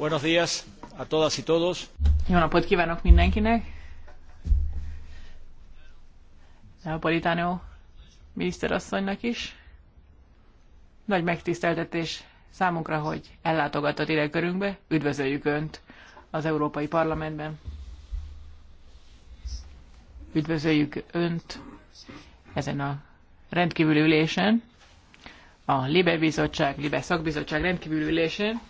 Buenos días a todas y todos. Jó napot kívánok mindenkinek. Napolitano miniszterasszonynak is. Nagy megtiszteltetés számunkra, hogy ellátogatott ide körünkbe. Üdvözöljük Önt az Európai Parlamentben. Üdvözöljük Önt ezen a rendkívüli ülésen, a Libe Bizottság, Libe Szakbizottság rendkívüli ülésén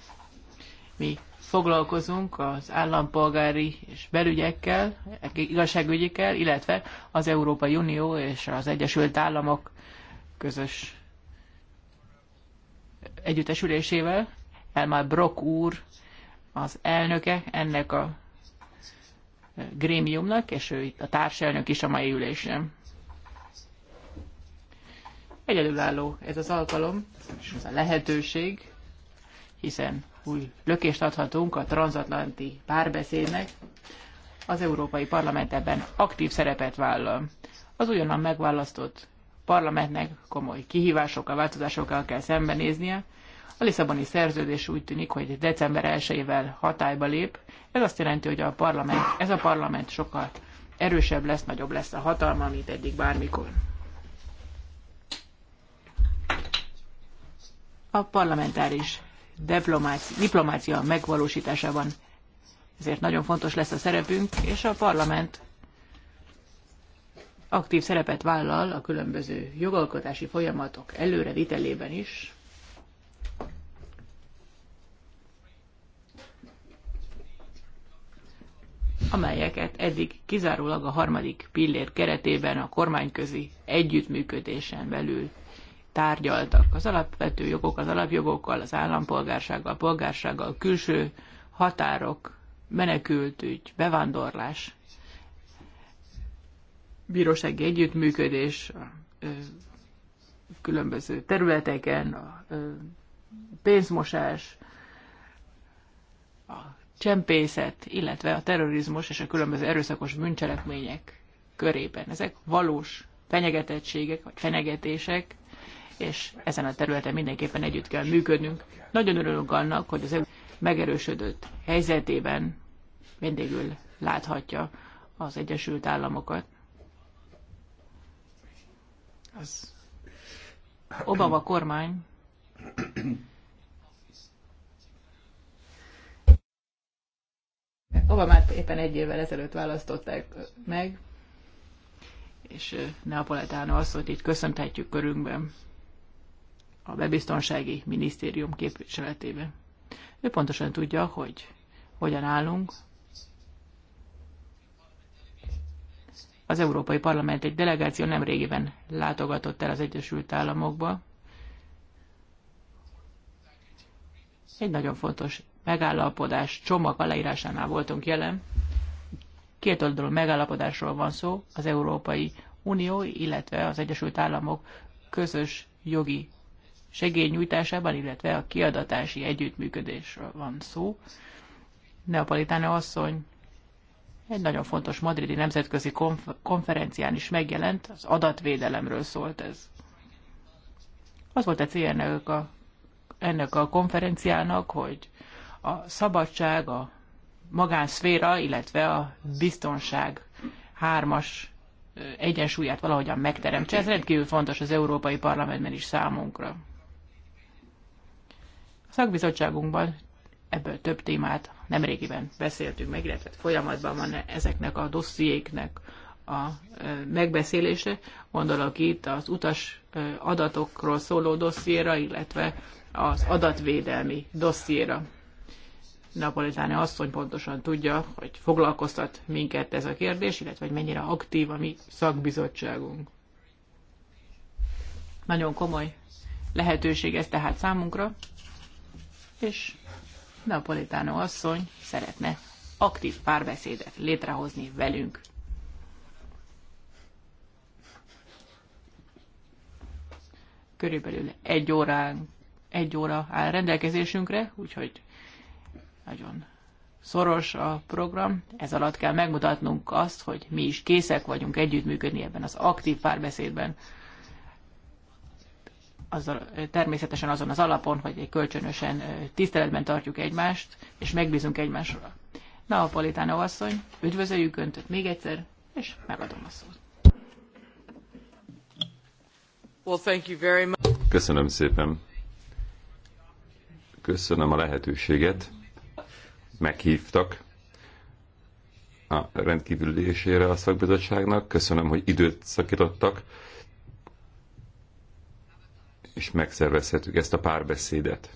mi foglalkozunk az állampolgári és belügyekkel, igazságügyekkel, illetve az Európai Unió és az Egyesült Államok közös együttesülésével. Elmar Brock úr az elnöke ennek a grémiumnak, és ő itt a társelnök is a mai ülésen. Egyedülálló ez az alkalom, és ez a lehetőség, hiszen új lökést adhatunk a transatlanti párbeszédnek. Az Európai Parlament ebben aktív szerepet vállal. Az újonnan megválasztott parlamentnek komoly kihívásokkal, változásokkal kell szembenéznie. A Lisszaboni szerződés úgy tűnik, hogy december 1-ével hatályba lép. Ez azt jelenti, hogy a parlament, ez a parlament sokkal erősebb lesz, nagyobb lesz a hatalma, mint eddig bármikor. A parlamentáris diplomácia megvalósításában. Ezért nagyon fontos lesz a szerepünk, és a parlament aktív szerepet vállal a különböző jogalkotási folyamatok előrevitelében is. amelyeket eddig kizárólag a harmadik pillér keretében a kormányközi együttműködésen belül tárgyaltak az alapvető jogok, az alapjogokkal, az állampolgársággal, a polgársággal, a külső határok, menekültügy, bevándorlás, bírósági együttműködés, különböző területeken, a pénzmosás, a csempészet, illetve a terrorizmus és a különböző erőszakos bűncselekmények körében. Ezek valós fenyegetettségek vagy fenyegetések, és ezen a területen mindenképpen együtt kell működnünk. Nagyon örülünk annak, hogy az EU megerősödött helyzetében vendégül láthatja az Egyesült Államokat. Az Obama kormány Obamát éppen egy évvel ezelőtt választották meg, és Neapoletánó asszonyt itt köszönhetjük körünkben a bebiztonsági minisztérium képviseletében. Ő pontosan tudja, hogy hogyan állunk. Az Európai Parlament egy delegáció nem régiben látogatott el az Egyesült Államokba. Egy nagyon fontos megállapodás csomag aláírásánál voltunk jelen. Két oldalú megállapodásról van szó, az Európai Unió, illetve az Egyesült Államok közös jogi segélynyújtásában, illetve a kiadatási együttműködésről van szó. Neapolitána asszony egy nagyon fontos madridi nemzetközi konf- konferencián is megjelent, az adatvédelemről szólt ez. Az volt a cél ennek a, ennek a konferenciának, hogy a szabadság, a magánszféra, illetve a biztonság hármas egyensúlyát valahogyan megteremtse. Ez rendkívül fontos az Európai Parlamentben is számunkra. A szakbizottságunkban ebből több témát nemrégiben beszéltünk meg, illetve folyamatban van ezeknek a dossziéknek a megbeszélése. Gondolok itt az utas adatokról szóló dossziéra, illetve az adatvédelmi dossziéra. Napolitáni asszony pontosan tudja, hogy foglalkoztat minket ez a kérdés, illetve hogy mennyire aktív a mi szakbizottságunk. Nagyon komoly lehetőség ez tehát számunkra, és Napolitano asszony szeretne aktív párbeszédet létrehozni velünk. Körülbelül egy, órán, egy óra áll rendelkezésünkre, úgyhogy nagyon szoros a program. Ez alatt kell megmutatnunk azt, hogy mi is készek vagyunk együttműködni ebben az aktív párbeszédben azzal, természetesen azon az alapon, hogy egy kölcsönösen tiszteletben tartjuk egymást, és megbízunk egymásra. Na, a Politánó asszony, üdvözöljük Önt még egyszer, és megadom a szót. Köszönöm szépen. Köszönöm a lehetőséget. Meghívtak a rendkívülésére a szakbizottságnak. Köszönöm, hogy időt szakítottak és megszervezhetjük ezt a párbeszédet.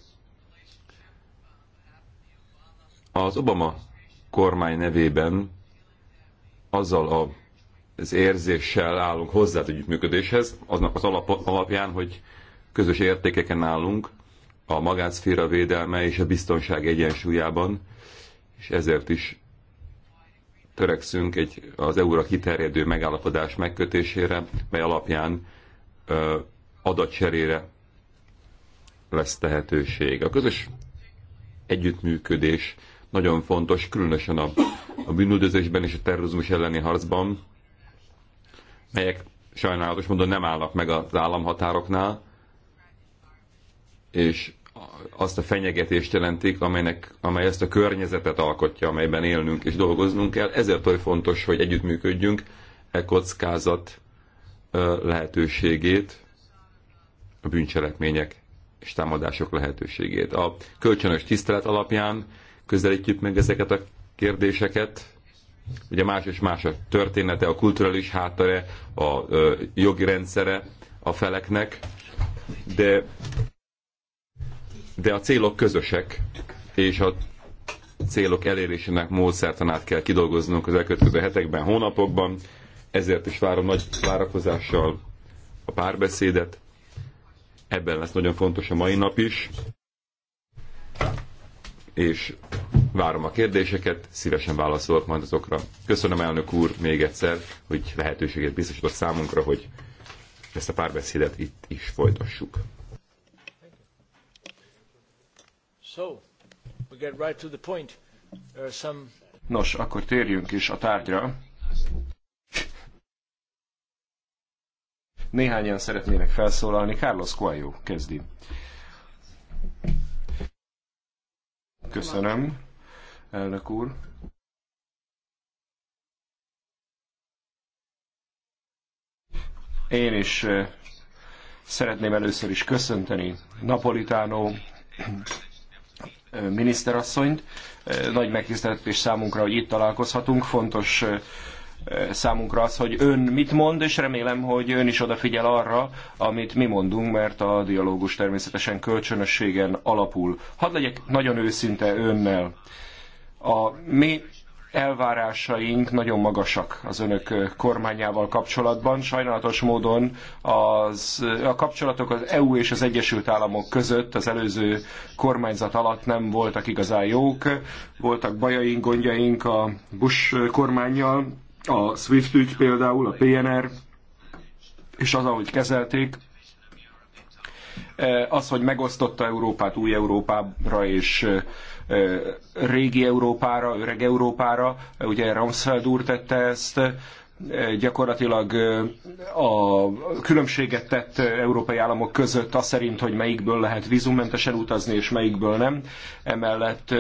Az Obama kormány nevében azzal a, az érzéssel állunk hozzá az együttműködéshez, aznak az alap, alapján, hogy közös értékeken állunk, a magánszféra védelme és a biztonság egyensúlyában, és ezért is törekszünk egy az EU-ra kiterjedő megállapodás megkötésére, mely alapján ö, adatcserére lesz tehetőség. A közös együttműködés nagyon fontos, különösen a, a bűnüldözésben és a terrorizmus elleni harcban, melyek sajnálatos módon nem állnak meg az államhatároknál, és azt a fenyegetést jelentik, amelynek, amely ezt a környezetet alkotja, amelyben élnünk és dolgoznunk kell. Ezért oly fontos, hogy együttműködjünk e kockázat lehetőségét a bűncselekmények és támadások lehetőségét. A kölcsönös tisztelet alapján közelítjük meg ezeket a kérdéseket. Ugye más és más a története, a kulturális háttere, a jogi rendszere a feleknek, de, de a célok közösek, és a célok elérésének módszertanát kell kidolgoznunk az elkövetkező hetekben, hónapokban, ezért is várom nagy várakozással a párbeszédet, Ebben lesz nagyon fontos a mai nap is. És várom a kérdéseket, szívesen válaszolok majd azokra. Köszönöm elnök úr még egyszer, hogy lehetőséget biztosított számunkra, hogy ezt a párbeszédet itt is folytassuk. So, we get right to the point. There are some... Nos, akkor térjünk is a tárgyra. Néhányan szeretnének felszólalni. Carlos Coelho kezdi. Köszönöm, elnök úr. Én is eh, szeretném először is köszönteni Napolitánó eh, miniszterasszonyt. Eh, nagy megtiszteltetés számunkra, hogy itt találkozhatunk. Fontos számunkra az, hogy ön mit mond, és remélem, hogy ön is odafigyel arra, amit mi mondunk, mert a dialógus természetesen kölcsönösségen alapul. Hadd legyek nagyon őszinte önnel. A mi elvárásaink nagyon magasak az önök kormányával kapcsolatban. Sajnálatos módon az, a kapcsolatok az EU és az Egyesült Államok között az előző kormányzat alatt nem voltak igazán jók. Voltak bajaink, gondjaink a Bush kormányjal, a SWIFT ügy például, a PNR, és az, ahogy kezelték, eh, az, hogy megosztotta Európát új Európára és eh, régi Európára, öreg Európára, ugye Ramsfeld úr tette ezt, eh, gyakorlatilag a különbséget tett európai államok között az szerint, hogy melyikből lehet vízummentesen utazni, és melyikből nem. Emellett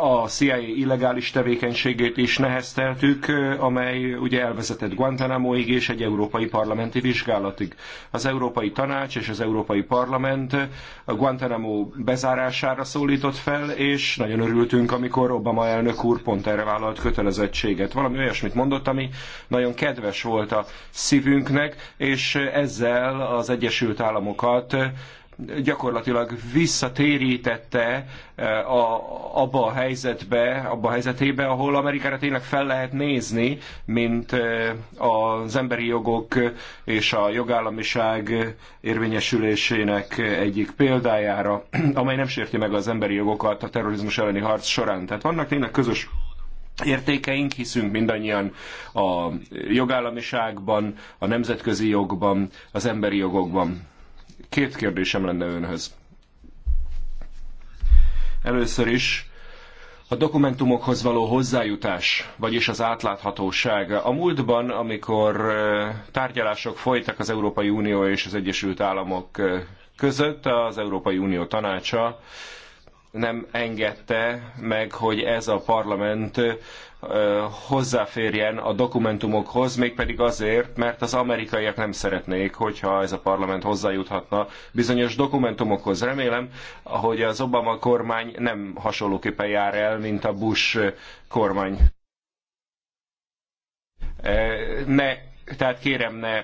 a CIA illegális tevékenységét is nehezteltük, amely ugye elvezetett guantanamo és egy európai parlamenti vizsgálatig. Az Európai Tanács és az Európai Parlament a Guantanamo bezárására szólított fel, és nagyon örültünk, amikor Obama elnök úr pont erre vállalt kötelezettséget. Valami olyasmit mondott, ami nagyon kedves volt a szívünknek, és ezzel az Egyesült Államokat gyakorlatilag visszatérítette e, a, abba a helyzetbe, abba a helyzetébe, ahol Amerikára tényleg fel lehet nézni, mint e, az emberi jogok és a jogállamiság érvényesülésének egyik példájára, amely nem sérti meg az emberi jogokat a terrorizmus elleni harc során. Tehát vannak tényleg közös értékeink, hiszünk mindannyian a jogállamiságban, a nemzetközi jogban, az emberi jogokban. Két kérdésem lenne önhöz. Először is a dokumentumokhoz való hozzájutás, vagyis az átláthatóság. A múltban, amikor eh, tárgyalások folytak az Európai Unió és az Egyesült Államok eh, között, az Európai Unió tanácsa nem engedte meg, hogy ez a parlament hozzáférjen a dokumentumokhoz, mégpedig azért, mert az amerikaiak nem szeretnék, hogyha ez a parlament hozzájuthatna bizonyos dokumentumokhoz. Remélem, hogy az Obama kormány nem hasonlóképpen jár el, mint a Bush kormány. Ne, tehát kérem, ne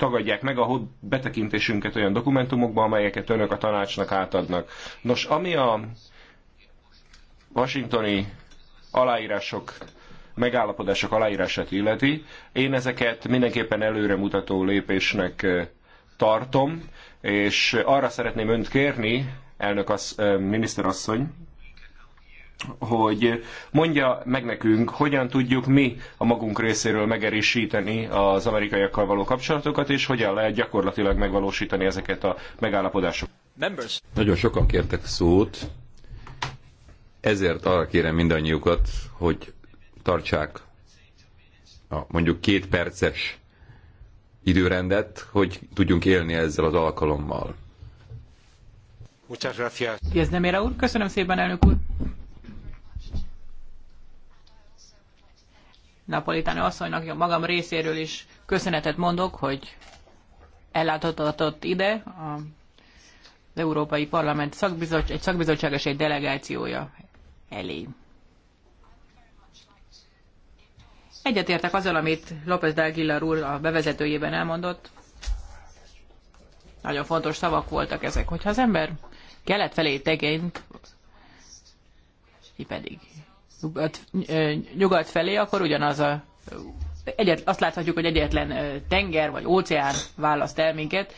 tagadják meg a betekintésünket olyan dokumentumokba, amelyeket önök a tanácsnak átadnak. Nos, ami a washingtoni aláírások megállapodások aláírását illeti. Én ezeket mindenképpen előremutató lépésnek tartom, és arra szeretném önt kérni, elnök az, miniszterasszony, hogy mondja meg nekünk, hogyan tudjuk mi a magunk részéről megerősíteni az amerikaiakkal való kapcsolatokat, és hogyan lehet gyakorlatilag megvalósítani ezeket a megállapodásokat. Members. Nagyon sokan kértek szót, ezért arra kérem mindannyiukat, hogy tartsák a mondjuk két perces időrendet, hogy tudjunk élni ezzel az alkalommal. köszönöm szépen, elnök úr. Napolitánő asszonynak, magam részéről is köszönetet mondok, hogy ellátogatott ide a az Európai Parlament szakbizottság, egy szakbizottság és egy delegációja elé. Egyetértek azzal, amit López de úr a bevezetőjében elmondott. Nagyon fontos szavak voltak ezek. Hogyha az ember kelet felé tekint, mi pedig nyugat, felé, akkor ugyanaz a egyet, azt láthatjuk, hogy egyetlen tenger vagy óceán választ el minket.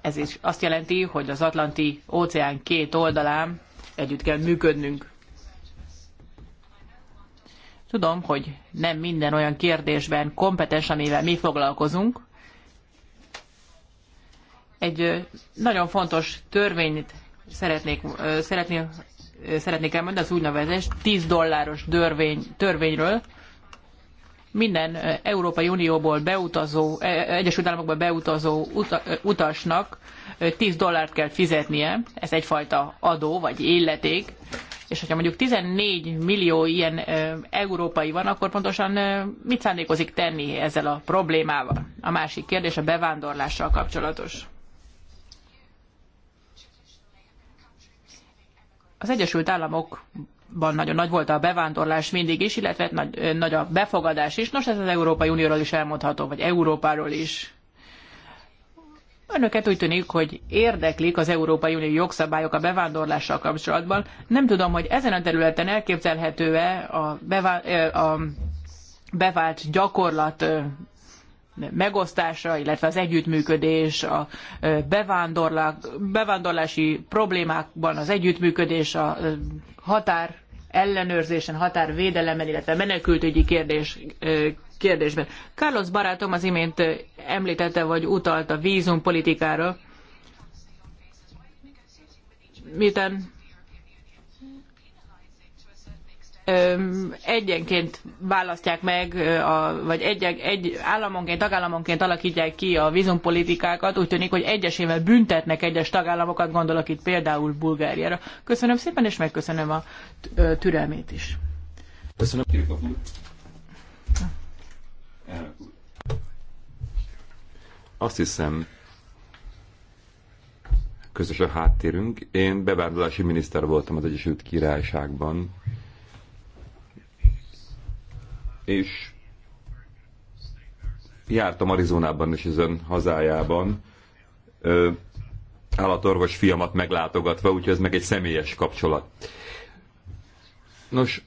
Ez is azt jelenti, hogy az Atlanti óceán két oldalán együtt kell működnünk. Tudom, hogy nem minden olyan kérdésben kompetens, amivel mi foglalkozunk. Egy nagyon fontos törvényt szeretnék, szeretnék szeretnék elmondani, az úgynevezett 10 dolláros törvény, törvényről. Minden Európai Unióból beutazó, Egyesült Államokba beutazó utasnak 10 dollárt kell fizetnie, ez egyfajta adó vagy illeték, és hogyha mondjuk 14 millió ilyen európai van, akkor pontosan mit szándékozik tenni ezzel a problémával? A másik kérdés a bevándorlással kapcsolatos. Az Egyesült Államokban nagyon nagy volt a bevándorlás mindig is, illetve nagy, nagy a befogadás is. Nos, ez az Európai Unióról is elmondható, vagy Európáról is. Önöket úgy tűnik, hogy érdeklik az Európai Unió jogszabályok a bevándorlással kapcsolatban. Nem tudom, hogy ezen a területen elképzelhető-e a, bevá- a bevált gyakorlat megosztása, illetve az együttműködés, a bevándorlási problémákban az együttműködés, a határ ellenőrzésen, határvédelemen, illetve menekültügyi kérdés, kérdésben. Carlos barátom az imént említette, vagy utalt a vízumpolitikára. Miután egyenként választják meg, a, vagy egy, egy államonként, tagállamonként alakítják ki a vízumpolitikákat. Úgy tűnik, hogy egyesével büntetnek egyes tagállamokat, gondolok itt például Bulgáriára. Köszönöm szépen, és megköszönöm a türelmét is. Köszönöm, Azt hiszem, közös a háttérünk. Én bevándorlási miniszter voltam az Egyesült Királyságban és jártam Arizonában és az ön hazájában, ö, állatorvos fiamat meglátogatva, úgyhogy ez meg egy személyes kapcsolat. Nos,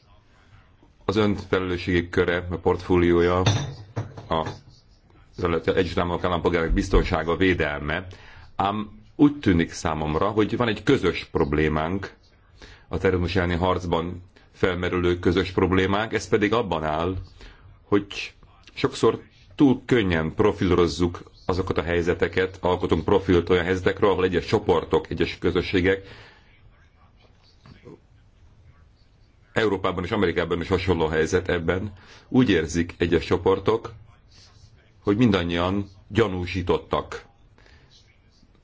az ön felelősségi köre, a portfóliója, a Egyesült Államok állampolgárok biztonsága, védelme, ám úgy tűnik számomra, hogy van egy közös problémánk a terrorizmus elleni harcban felmerülő közös problémák, ez pedig abban áll, hogy sokszor túl könnyen profilozzuk azokat a helyzeteket, alkotunk profilt olyan helyzetekről, ahol egyes csoportok, egyes közösségek Európában és Amerikában is hasonló helyzet ebben. Úgy érzik egyes csoportok, hogy mindannyian gyanúsítottak,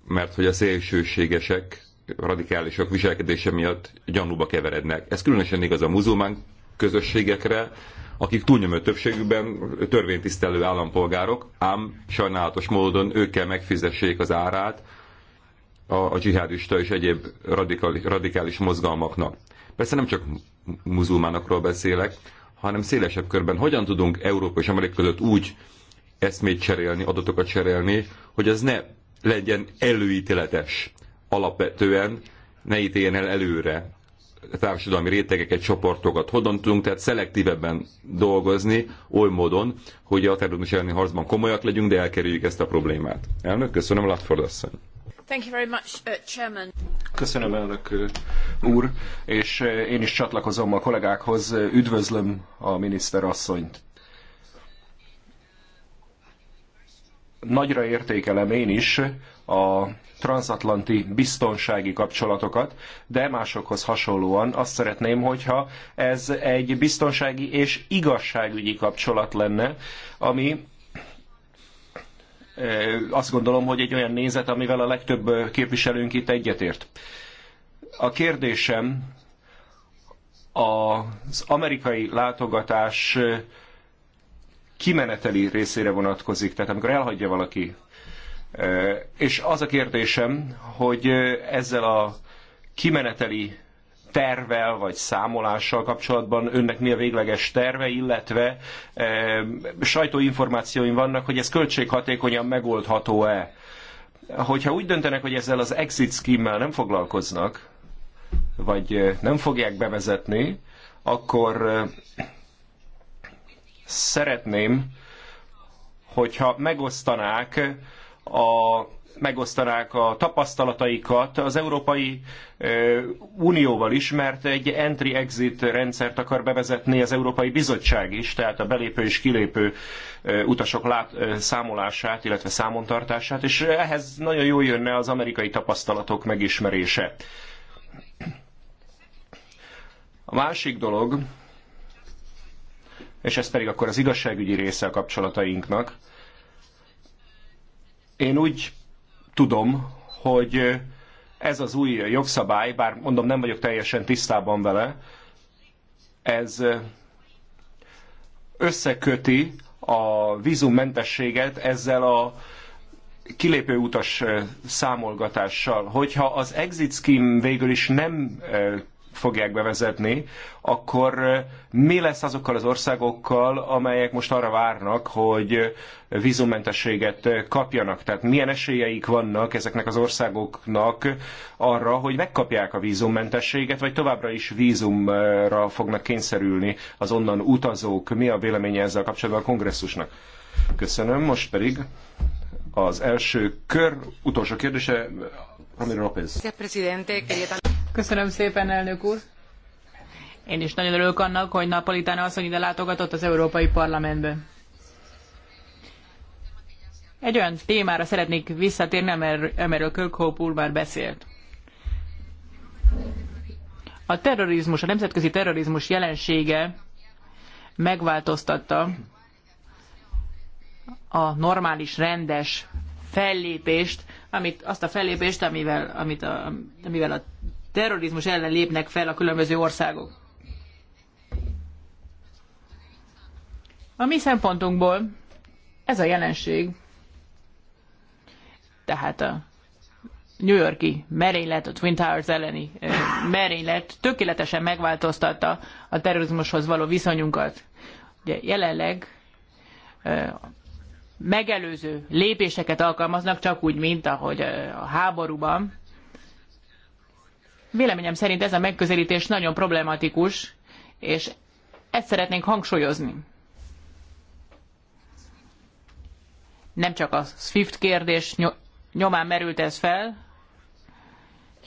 mert hogy a szélsőségesek radikálisok viselkedése miatt gyanúba keverednek. Ez különösen igaz a muzulmán közösségekre, akik túlnyomó többségükben törvénytisztelő állampolgárok, ám sajnálatos módon ők kell megfizessék az árát a, a dzsihádista és egyéb radikális, radikális mozgalmaknak. Persze nem csak muzulmánokról beszélek, hanem szélesebb körben hogyan tudunk Európa és Amerika között úgy eszmét cserélni, adatokat cserélni, hogy ez ne legyen előítéletes alapvetően ne ítéljen el előre társadalmi rétegeket, csoportokat. Hogyan tudunk tehát szelektívebben dolgozni, oly módon, hogy a terrorizmus elleni harcban komolyak legyünk, de elkerüljük ezt a problémát. Elnök, köszönöm, Latford asszony. Thank you very much, uh, chairman. Köszönöm, elnök uh, úr, és uh, én is csatlakozom a kollégákhoz. Üdvözlöm a miniszter asszonyt. Nagyra értékelem én is a transatlanti biztonsági kapcsolatokat, de másokhoz hasonlóan azt szeretném, hogyha ez egy biztonsági és igazságügyi kapcsolat lenne, ami azt gondolom, hogy egy olyan nézet, amivel a legtöbb képviselőnk itt egyetért. A kérdésem az amerikai látogatás kimeneteli részére vonatkozik, tehát amikor elhagyja valaki és az a kérdésem, hogy ezzel a kimeneteli tervel vagy számolással kapcsolatban önnek mi a végleges terve, illetve e, sajtóinformációim vannak, hogy ez költséghatékonyan megoldható-e. Hogyha úgy döntenek, hogy ezzel az exit scheme nem foglalkoznak, vagy nem fogják bevezetni, akkor szeretném, hogyha megosztanák a, megosztanák a tapasztalataikat az Európai Unióval is, mert egy entry-exit rendszert akar bevezetni az Európai Bizottság is, tehát a belépő és kilépő utasok lát, számolását, illetve számontartását, és ehhez nagyon jól jönne az amerikai tapasztalatok megismerése. A másik dolog, és ez pedig akkor az igazságügyi része a kapcsolatainknak, én úgy tudom, hogy ez az új jogszabály, bár mondom nem vagyok teljesen tisztában vele, ez összeköti a vízummentességet ezzel a kilépő utas eh, számolgatással. Hogyha az exit scheme végül is nem eh, fogják bevezetni, akkor mi lesz azokkal az országokkal, amelyek most arra várnak, hogy vízummentességet kapjanak? Tehát milyen esélyeik vannak ezeknek az országoknak arra, hogy megkapják a vízummentességet, vagy továbbra is vízumra fognak kényszerülni az onnan utazók? Mi a véleménye ezzel kapcsolatban a kongresszusnak? Köszönöm, most pedig az első kör utolsó kérdése, Ramiro López. Köszönöm szépen, elnök úr. Én is nagyon örülök annak, hogy Napolitán asszony ide látogatott az Európai Parlamentbe. Egy olyan témára szeretnék visszatérni, amiről Kirkhope úr már beszélt. A terrorizmus, a nemzetközi terrorizmus jelensége megváltoztatta a normális, rendes fellépést, amit, azt a fellépést, amivel, amit a, amivel a terrorizmus ellen lépnek fel a különböző országok. A mi szempontunkból ez a jelenség, tehát a New Yorki merénylet, a Twin Towers elleni merénylet tökéletesen megváltoztatta a terrorizmushoz való viszonyunkat. Ugye jelenleg megelőző lépéseket alkalmaznak, csak úgy, mint ahogy a háborúban. Véleményem szerint ez a megközelítés nagyon problematikus, és ezt szeretnénk hangsúlyozni. Nem csak a SWIFT kérdés nyomán merült ez fel,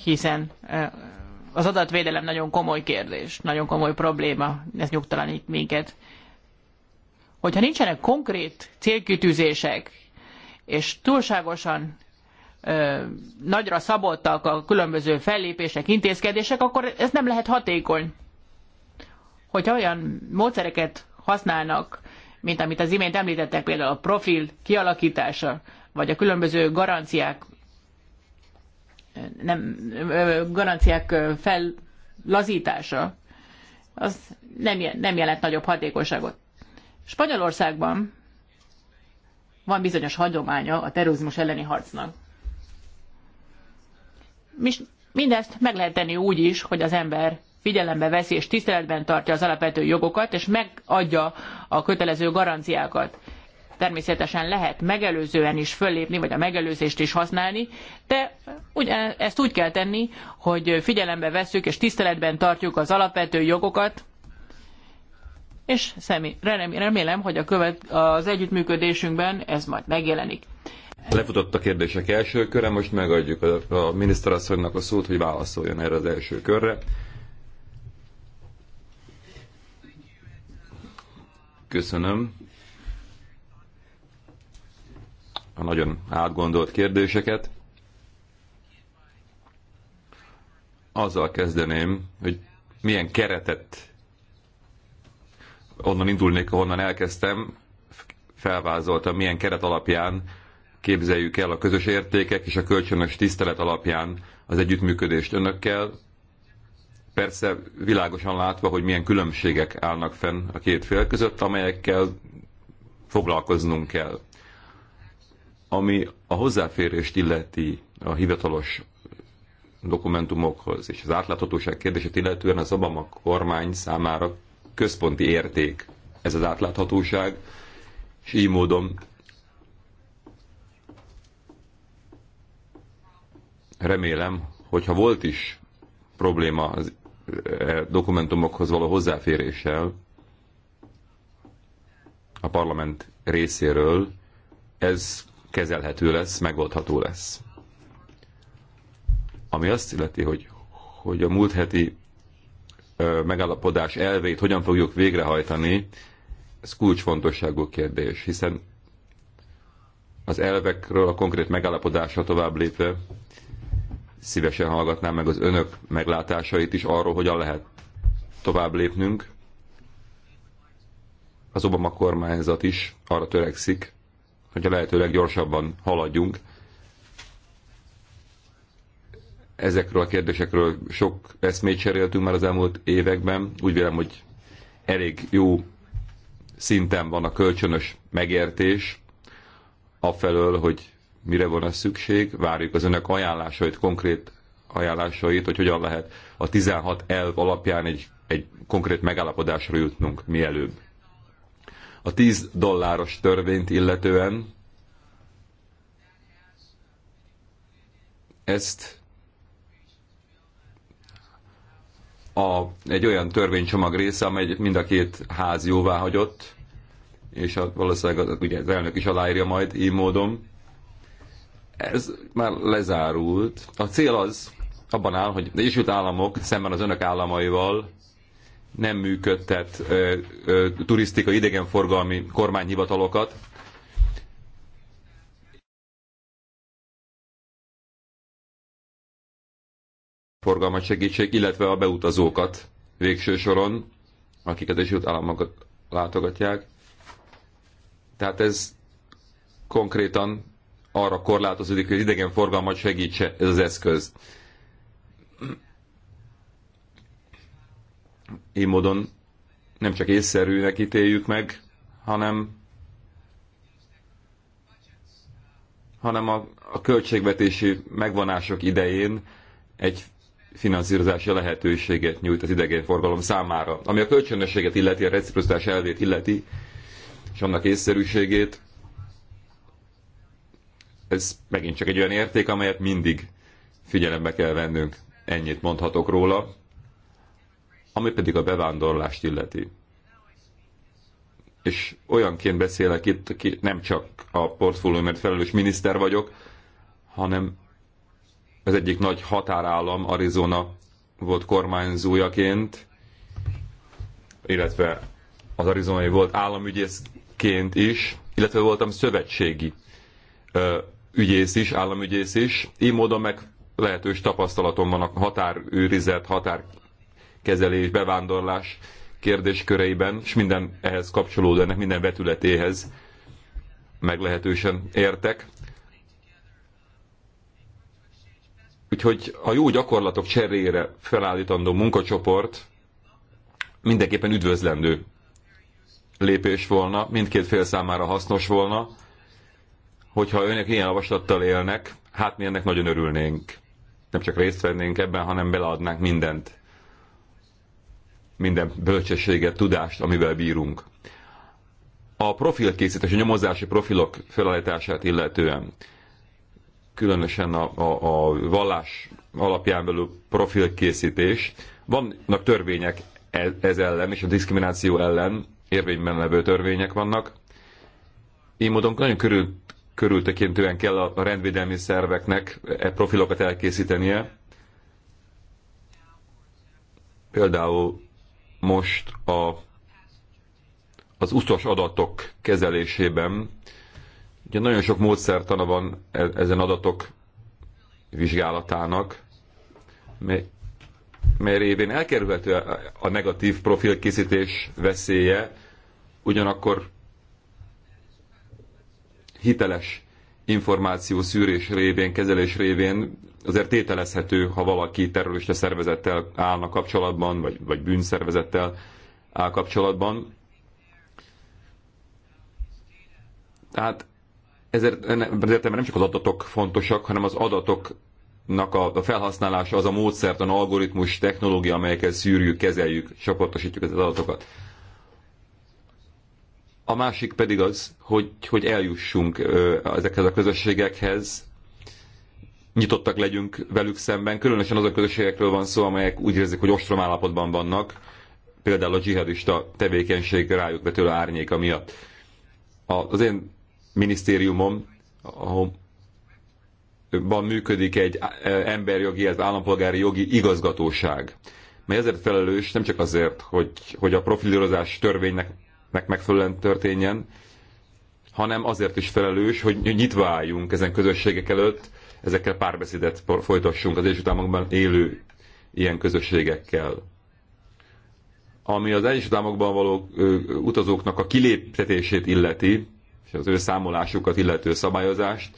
hiszen az adatvédelem nagyon komoly kérdés, nagyon komoly probléma, ez nyugtalanít minket. Hogyha nincsenek konkrét célkitűzések, és túlságosan nagyra szabottak a különböző fellépések, intézkedések, akkor ez nem lehet hatékony. Hogyha olyan módszereket használnak, mint amit az imént említettek, például a profil kialakítása, vagy a különböző garanciák, nem, garanciák fellazítása, az nem, nem jelent nagyobb hatékonyságot. Spanyolországban van bizonyos hagyománya a terrorizmus elleni harcnak mindezt meg lehet tenni úgy is, hogy az ember figyelembe veszi és tiszteletben tartja az alapvető jogokat, és megadja a kötelező garanciákat. Természetesen lehet megelőzően is föllépni, vagy a megelőzést is használni, de ugyan, ezt úgy kell tenni, hogy figyelembe vesszük és tiszteletben tartjuk az alapvető jogokat, és remélem, hogy a követ, az együttműködésünkben ez majd megjelenik. Lefutott a kérdések első köre, most megadjuk a, a miniszterasszonynak a szót, hogy válaszoljon erre az első körre. Köszönöm a nagyon átgondolt kérdéseket. Azzal kezdeném, hogy milyen keretet onnan indulnék, ahonnan elkezdtem, felvázoltam, milyen keret alapján képzeljük el a közös értékek és a kölcsönös tisztelet alapján az együttműködést önökkel, persze világosan látva, hogy milyen különbségek állnak fenn a két fél között, amelyekkel foglalkoznunk kell. Ami a hozzáférést illeti a hivatalos dokumentumokhoz és az átláthatóság kérdését illetően az Obama kormány számára központi érték ez az átláthatóság, és így módon Remélem, hogyha volt is probléma az e, dokumentumokhoz való hozzáféréssel a parlament részéről, ez kezelhető lesz, megoldható lesz. Ami azt illeti, hogy, hogy a múlt heti e, megállapodás elvét hogyan fogjuk végrehajtani, ez kulcsfontosságú kérdés, hiszen az elvekről a konkrét megállapodásra tovább lépve szívesen hallgatnám meg az önök meglátásait is arról, hogyan lehet tovább lépnünk. Az Obama kormányzat is arra törekszik, hogy a lehetőleg gyorsabban haladjunk. Ezekről a kérdésekről sok eszmét cseréltünk már az elmúlt években. Úgy vélem, hogy elég jó szinten van a kölcsönös megértés, afelől, hogy mire van a szükség, várjuk az önök ajánlásait, konkrét ajánlásait, hogy hogyan lehet a 16 elv alapján egy, egy konkrét megállapodásra jutnunk mielőbb. A 10 dolláros törvényt illetően ezt a, egy olyan törvénycsomag része, amely mind a két ház jóvá hagyott, és a, valószínűleg az, ugye az elnök is aláírja majd így módon ez már lezárult. A cél az abban áll, hogy az Egyesült Államok szemben az önök államaival nem működtet ö, ö, turisztika idegenforgalmi kormányhivatalokat. Forgalmat segítség, illetve a beutazókat végső soron, akik az Egyesült Államokat látogatják. Tehát ez konkrétan arra korlátozódik, hogy idegenforgalmat segítse ez az eszköz. Így módon nem csak észszerűnek ítéljük meg, hanem, hanem a, a költségvetési megvonások idején egy finanszírozási lehetőséget nyújt az idegenforgalom számára. Ami a kölcsönösséget illeti, a reciprocitás elvét illeti, és annak észszerűségét, ez megint csak egy olyan érték, amelyet mindig figyelembe kell vennünk. Ennyit mondhatok róla. Ami pedig a bevándorlást illeti. És olyanként beszélek itt, aki nem csak a portfóliómért felelős miniszter vagyok, hanem az egyik nagy határállam, Arizona volt kormányzójaként, illetve az arizonai volt államügyészként is, illetve voltam szövetségi ügyész is, államügyész is, így módon meg lehetős tapasztalatom van a határőrizet, határkezelés, bevándorlás kérdésköreiben, és minden ehhez kapcsolódó, ennek minden vetületéhez meglehetősen értek. Úgyhogy a jó gyakorlatok cserére felállítandó munkacsoport mindenképpen üdvözlendő lépés volna, mindkét fél számára hasznos volna, hogyha önök ilyen javaslattal élnek, hát mi ennek nagyon örülnénk. Nem csak részt vennénk ebben, hanem beleadnánk mindent. Minden bölcsességet, tudást, amivel bírunk. A profilkészítés, a nyomozási profilok felállítását illetően, különösen a, a, a vallás alapján belő profilkészítés, vannak törvények e, ez ellen, és a diszkrimináció ellen érvényben levő törvények vannak, így módon nagyon körül körültekintően kell a rendvédelmi szerveknek e profilokat elkészítenie. Például most a, az utas adatok kezelésében ugye nagyon sok módszertana van e, ezen adatok vizsgálatának, mely, mely révén elkerülhető a negatív profilkészítés veszélye, ugyanakkor hiteles információ szűrés révén, kezelés révén azért tételezhető, ha valaki terrorista szervezettel állna kapcsolatban, vagy, vagy bűnszervezettel áll kapcsolatban. Tehát ezért, ezért nem csak az adatok fontosak, hanem az adatoknak a, a felhasználása, az a az algoritmus, technológia, amelyekkel szűrjük, kezeljük, csoportosítjuk az adatokat a másik pedig az, hogy, hogy eljussunk ezekhez a közösségekhez, nyitottak legyünk velük szemben, különösen azok közösségekről van szó, amelyek úgy érzik, hogy ostrom állapotban vannak, például a dzsihadista tevékenység rájuk vető árnyéka miatt. Az én minisztériumom, ahol van működik egy emberjogi, ez állampolgári jogi igazgatóság, mely ezért felelős nem csak azért, hogy, hogy a profilírozás törvénynek megfelelően történjen, hanem azért is felelős, hogy nyitva álljunk ezen közösségek előtt, ezekkel párbeszédet folytassunk az Egyesült Államokban élő ilyen közösségekkel. Ami az Egyesült Államokban való utazóknak a kiléptetését illeti, és az ő számolásukat illető szabályozást,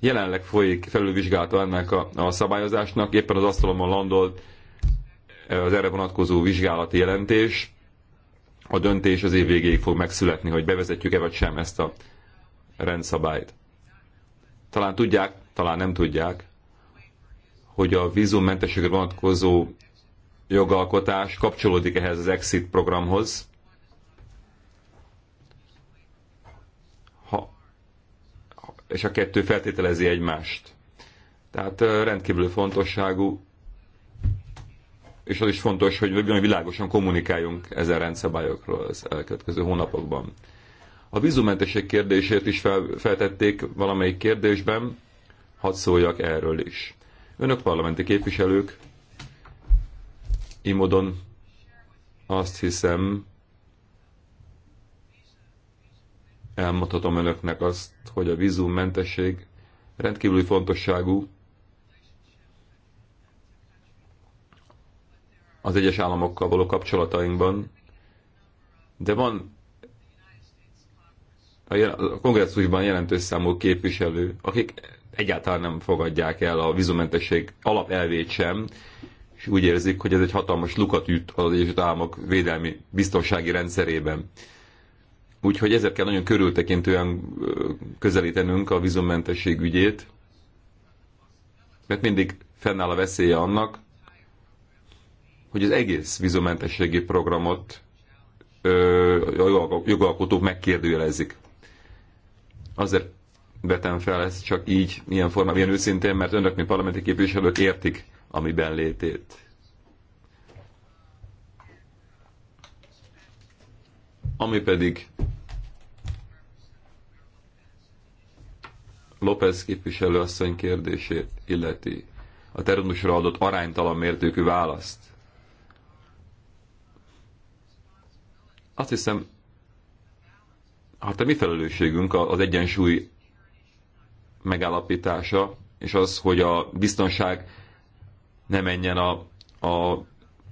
jelenleg folyik felülvizsgálata ennek a, a szabályozásnak, éppen az asztalomon landolt az erre vonatkozó vizsgálati jelentés, a döntés az év végéig fog megszületni, hogy bevezetjük-e vagy sem ezt a rendszabályt. Talán tudják, talán nem tudják, hogy a vízummentességre vonatkozó jogalkotás kapcsolódik ehhez az exit programhoz. Ha, és a kettő feltételezi egymást. Tehát rendkívül fontosságú és az is fontos, hogy nagyon világosan kommunikáljunk ezen rendszabályokról az elkövetkező hónapokban. A vízumentesség kérdését is fel, feltették valamelyik kérdésben, hadd szóljak erről is. Önök parlamenti képviselők, imodon azt hiszem, elmondhatom önöknek azt, hogy a vízummentesség rendkívüli fontosságú az egyes államokkal való kapcsolatainkban, de van a kongresszusban jelentős számú képviselő, akik egyáltalán nem fogadják el a vízumentesség alapelvét sem, és úgy érzik, hogy ez egy hatalmas lukat üt az Egyesült Államok védelmi biztonsági rendszerében. Úgyhogy ezért kell nagyon körültekintően közelítenünk a vízummentesség ügyét, mert mindig fennáll a veszélye annak, hogy az egész vízumentességi programot a jogalkotók megkérdőjelezik. Azért vetem fel ezt csak így, ilyen formában, ilyen őszintén, mert önök, mint parlamenti képviselők értik a mi benlétét. Ami pedig López képviselő asszony kérdését illeti, a terrorizmusra adott aránytalan mértékű választ. Azt hiszem, hát a mi felelősségünk az egyensúly megállapítása, és az, hogy a biztonság ne menjen a, a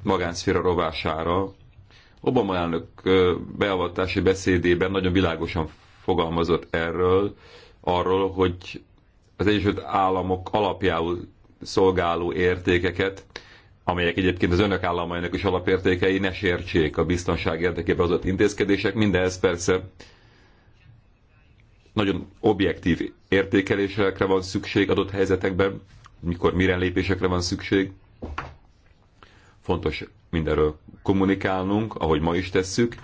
magánszféra rovására. Obama elnök beavatási beszédében nagyon világosan fogalmazott erről, arról, hogy az Egyesült Államok alapjául szolgáló értékeket amelyek egyébként az önök államainak is alapértékei ne sértsék a biztonság érdekében adott intézkedések. Mindez persze nagyon objektív értékelésekre van szükség adott helyzetekben, mikor mire lépésekre van szükség. Fontos mindenről kommunikálnunk, ahogy ma is tesszük,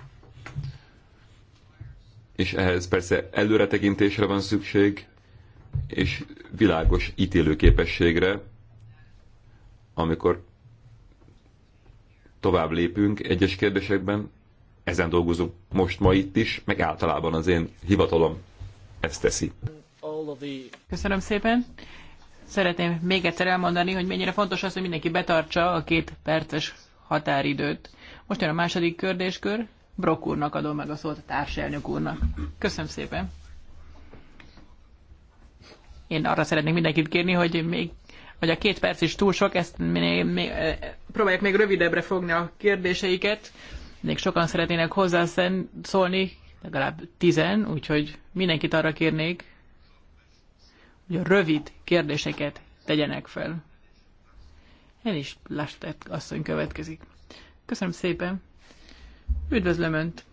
és ehhez persze előretekintésre van szükség, és világos ítélőképességre, amikor tovább lépünk egyes kérdésekben, ezen dolgozunk most ma itt is, meg általában az én hivatalom ezt teszi. Köszönöm szépen. Szeretném még egyszer elmondani, hogy mennyire fontos az, hogy mindenki betartsa a két perces határidőt. Most jön a második kérdéskör. Brok úrnak adom meg a szót a társelnök úrnak. Köszönöm szépen. Én arra szeretnék mindenkit kérni, hogy még vagy a két perc is túl sok, ezt még, még, próbálják még rövidebbre fogni a kérdéseiket. Még sokan szeretnének hozzászólni, legalább tizen, úgyhogy mindenkit arra kérnék, hogy a rövid kérdéseket tegyenek fel. El is Lastert asszony következik. Köszönöm szépen. Üdvözlöm Önt.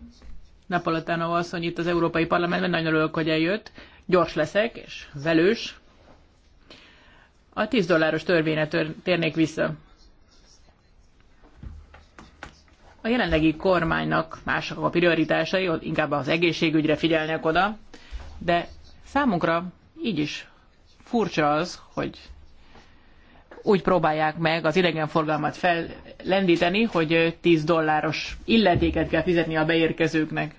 Napolatánó asszony itt az Európai Parlamentben, nagyon örülök, hogy eljött. Gyors leszek, és velős. A 10 dolláros törvényre tör- térnék vissza. A jelenlegi kormánynak mások a prioritásai, inkább az egészségügyre figyelnek oda, de számunkra így is furcsa az, hogy úgy próbálják meg az idegenforgalmat fellendíteni, hogy 10 dolláros illetéket kell fizetni a beérkezőknek.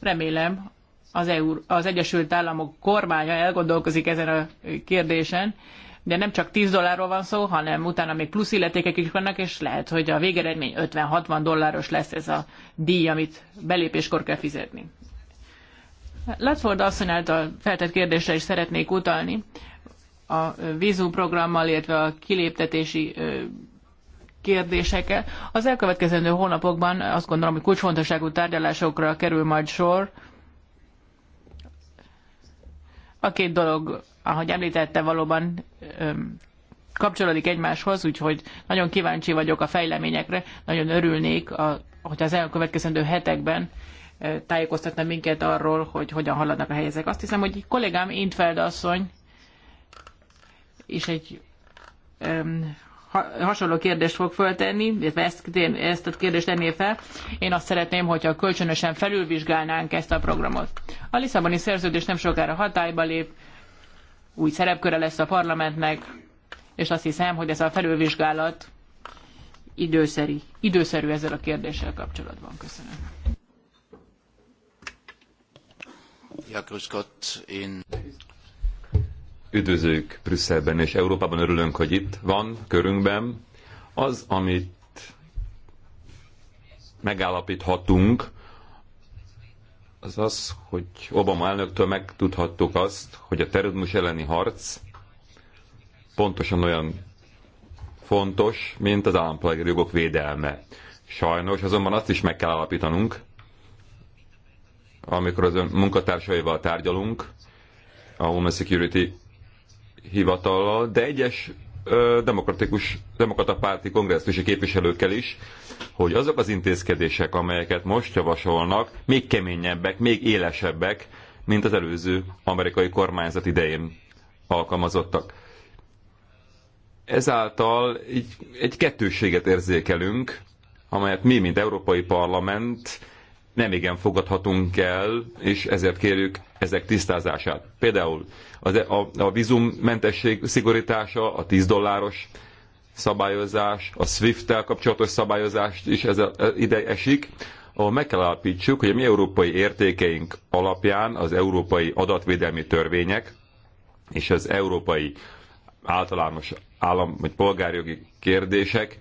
Remélem, az, EU, az Egyesült Államok kormánya elgondolkozik ezen a kérdésen, de nem csak 10 dollárról van szó, hanem utána még plusz illetékek is vannak, és lehet, hogy a végeredmény 50-60 dolláros lesz ez a díj, amit belépéskor kell fizetni. Latford asszony által feltett kérdésre is szeretnék utalni. A vízumprogrammal, illetve a kiléptetési kérdésekkel. Az elkövetkezendő hónapokban azt gondolom, hogy kulcsfontosságú tárgyalásokra kerül majd sor. A két dolog ahogy említette, valóban kapcsolódik egymáshoz, úgyhogy nagyon kíváncsi vagyok a fejleményekre, nagyon örülnék, a, hogy az elkövetkezendő hetekben tájékoztatna minket arról, hogy hogyan haladnak a helyezek. Azt hiszem, hogy kollégám Intfeld asszony is egy hasonló kérdést fog föltenni, illetve ezt, ezt a kérdést tenné fel. Én azt szeretném, hogyha kölcsönösen felülvizsgálnánk ezt a programot. A Lisszaboni szerződés nem sokára hatályba lép, új szerepköre lesz a parlamentnek, és azt hiszem, hogy ez a felülvizsgálat időszerű, időszerű ezzel a kérdéssel kapcsolatban. Köszönöm. Ja, Gott, én... Üdvözlők Brüsszelben és Európában örülünk, hogy itt van körünkben. Az, amit megállapíthatunk, az az, hogy Obama elnöktől megtudhattuk azt, hogy a terrorizmus elleni harc pontosan olyan fontos, mint az állampolgári jogok védelme. Sajnos azonban azt is meg kell alapítanunk, amikor az ön munkatársaival tárgyalunk, a Home Security hivatallal, de egyes demokratikus, demokrata párti kongresszusi képviselőkkel is, hogy azok az intézkedések, amelyeket most javasolnak, még keményebbek, még élesebbek, mint az előző amerikai kormányzat idején alkalmazottak. Ezáltal egy, egy kettőséget érzékelünk, amelyet mi, mint Európai Parlament nem igen fogadhatunk el, és ezért kérjük ezek tisztázását. Például az, e- a, a vízummentesség szigorítása, a 10 dolláros szabályozás, a SWIFT-tel kapcsolatos szabályozást is ez, e- ide esik, ahol meg kell állapítsuk, hogy a mi európai értékeink alapján az európai adatvédelmi törvények és az európai általános állam vagy polgárjogi kérdések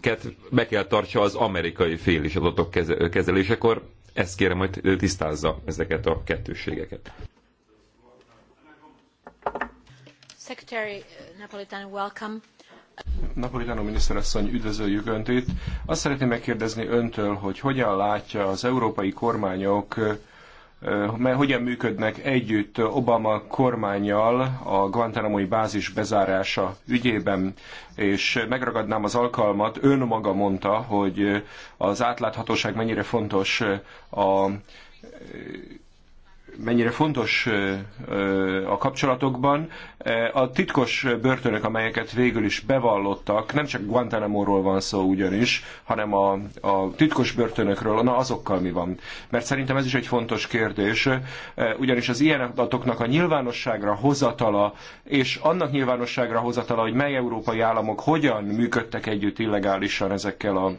ket be kell tartsa az amerikai fél is adatok kezelésekor. Ezt kérem, hogy tisztázza ezeket a kettőségeket. Secretary uh, Napolitano, welcome. Napolitano miniszterasszony, üdvözöljük Önt itt. Azt szeretném megkérdezni Öntől, hogy hogyan látja az európai kormányok uh, hogyan működnek együtt Obama kormányjal a Guantanamo-i bázis bezárása ügyében, és megragadnám az alkalmat, ön maga mondta, hogy az átláthatóság mennyire fontos a mennyire fontos a kapcsolatokban. A titkos börtönök, amelyeket végül is bevallottak, nem csak Guantanamo-ról van szó ugyanis, hanem a, a titkos börtönökről, na azokkal mi van? Mert szerintem ez is egy fontos kérdés, ugyanis az ilyen adatoknak a nyilvánosságra hozatala, és annak nyilvánosságra hozatala, hogy mely európai államok hogyan működtek együtt illegálisan ezekkel a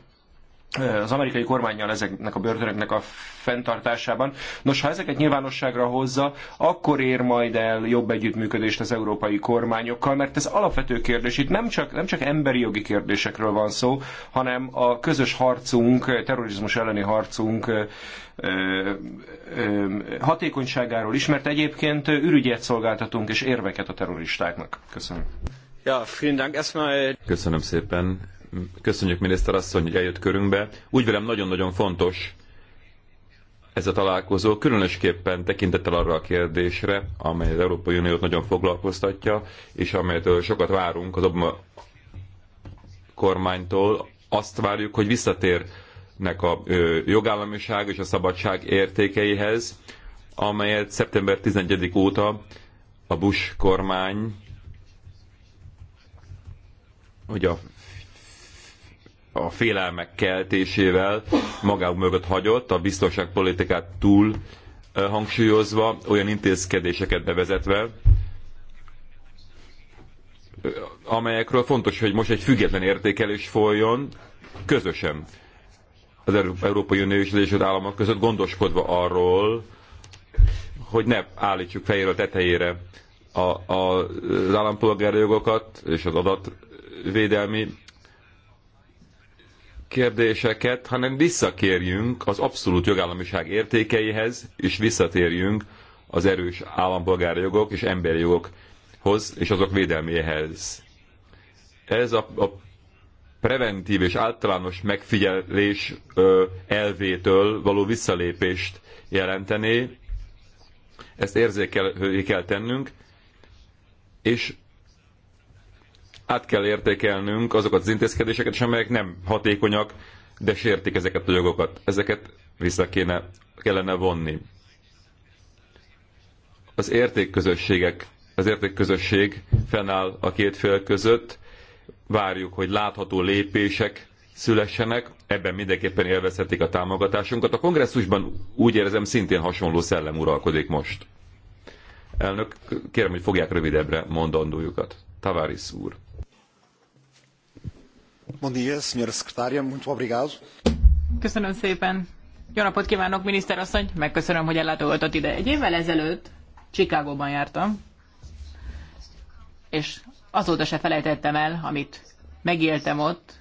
az amerikai kormányjal ezeknek a börtönöknek a fenntartásában. Nos, ha ezeket nyilvánosságra hozza, akkor ér majd el jobb együttműködést az európai kormányokkal, mert ez alapvető kérdés. Itt nem csak, nem csak emberi jogi kérdésekről van szó, hanem a közös harcunk, terrorizmus elleni harcunk ö, ö, hatékonyságáról is, mert egyébként ürügyet szolgáltatunk és érveket a terroristáknak. Köszönöm. Ja, vielen Dank erstmal. Äh, Köszönöm szépen köszönjük miniszter asszony, hogy eljött körünkbe. Úgy velem nagyon-nagyon fontos ez a találkozó, különösképpen tekintettel arra a kérdésre, amely az Európai Uniót nagyon foglalkoztatja, és amelyet sokat várunk az Obama kormánytól. Azt várjuk, hogy visszatérnek a jogállamiság és a szabadság értékeihez, amelyet szeptember 11 óta a Bush kormány hogy a a félelmek keltésével magunk mögött hagyott, a biztonságpolitikát túl hangsúlyozva, olyan intézkedéseket bevezetve, amelyekről fontos, hogy most egy független értékelés folyjon közösen az Európai Unió és az Egyesült Államok között gondoskodva arról, hogy ne állítsuk fejéről tetejére a, a, az állampolgári jogokat és az adatvédelmi kérdéseket, hanem visszakérjünk az abszolút jogállamiság értékeihez, és visszatérjünk az erős állampolgári jogok és emberi jogokhoz, és azok védelméhez. Ez a, a preventív és általános megfigyelés ö, elvétől való visszalépést jelentené, ezt érzékelhető kell tennünk, és át kell értékelnünk azokat az intézkedéseket és amelyek nem hatékonyak, de sértik ezeket a jogokat. Ezeket vissza kéne, kellene vonni. Az értékközösségek, az értékközösség fennáll a két fél között, várjuk, hogy látható lépések szülessenek, ebben mindenképpen élvezhetik a támogatásunkat. A kongresszusban úgy érzem, szintén hasonló szellem uralkodik most. Elnök, kérem, hogy fogják rövidebbre mondandójukat. Tavaris úr. Bom dia, senhora secretária, muito obrigado. Köszönöm szépen. Jó napot kívánok, miniszterasszony, asszony. Megköszönöm, hogy ellátogatott ide. Egy évvel ezelőtt Csikágóban jártam, és azóta se felejtettem el, amit megéltem ott.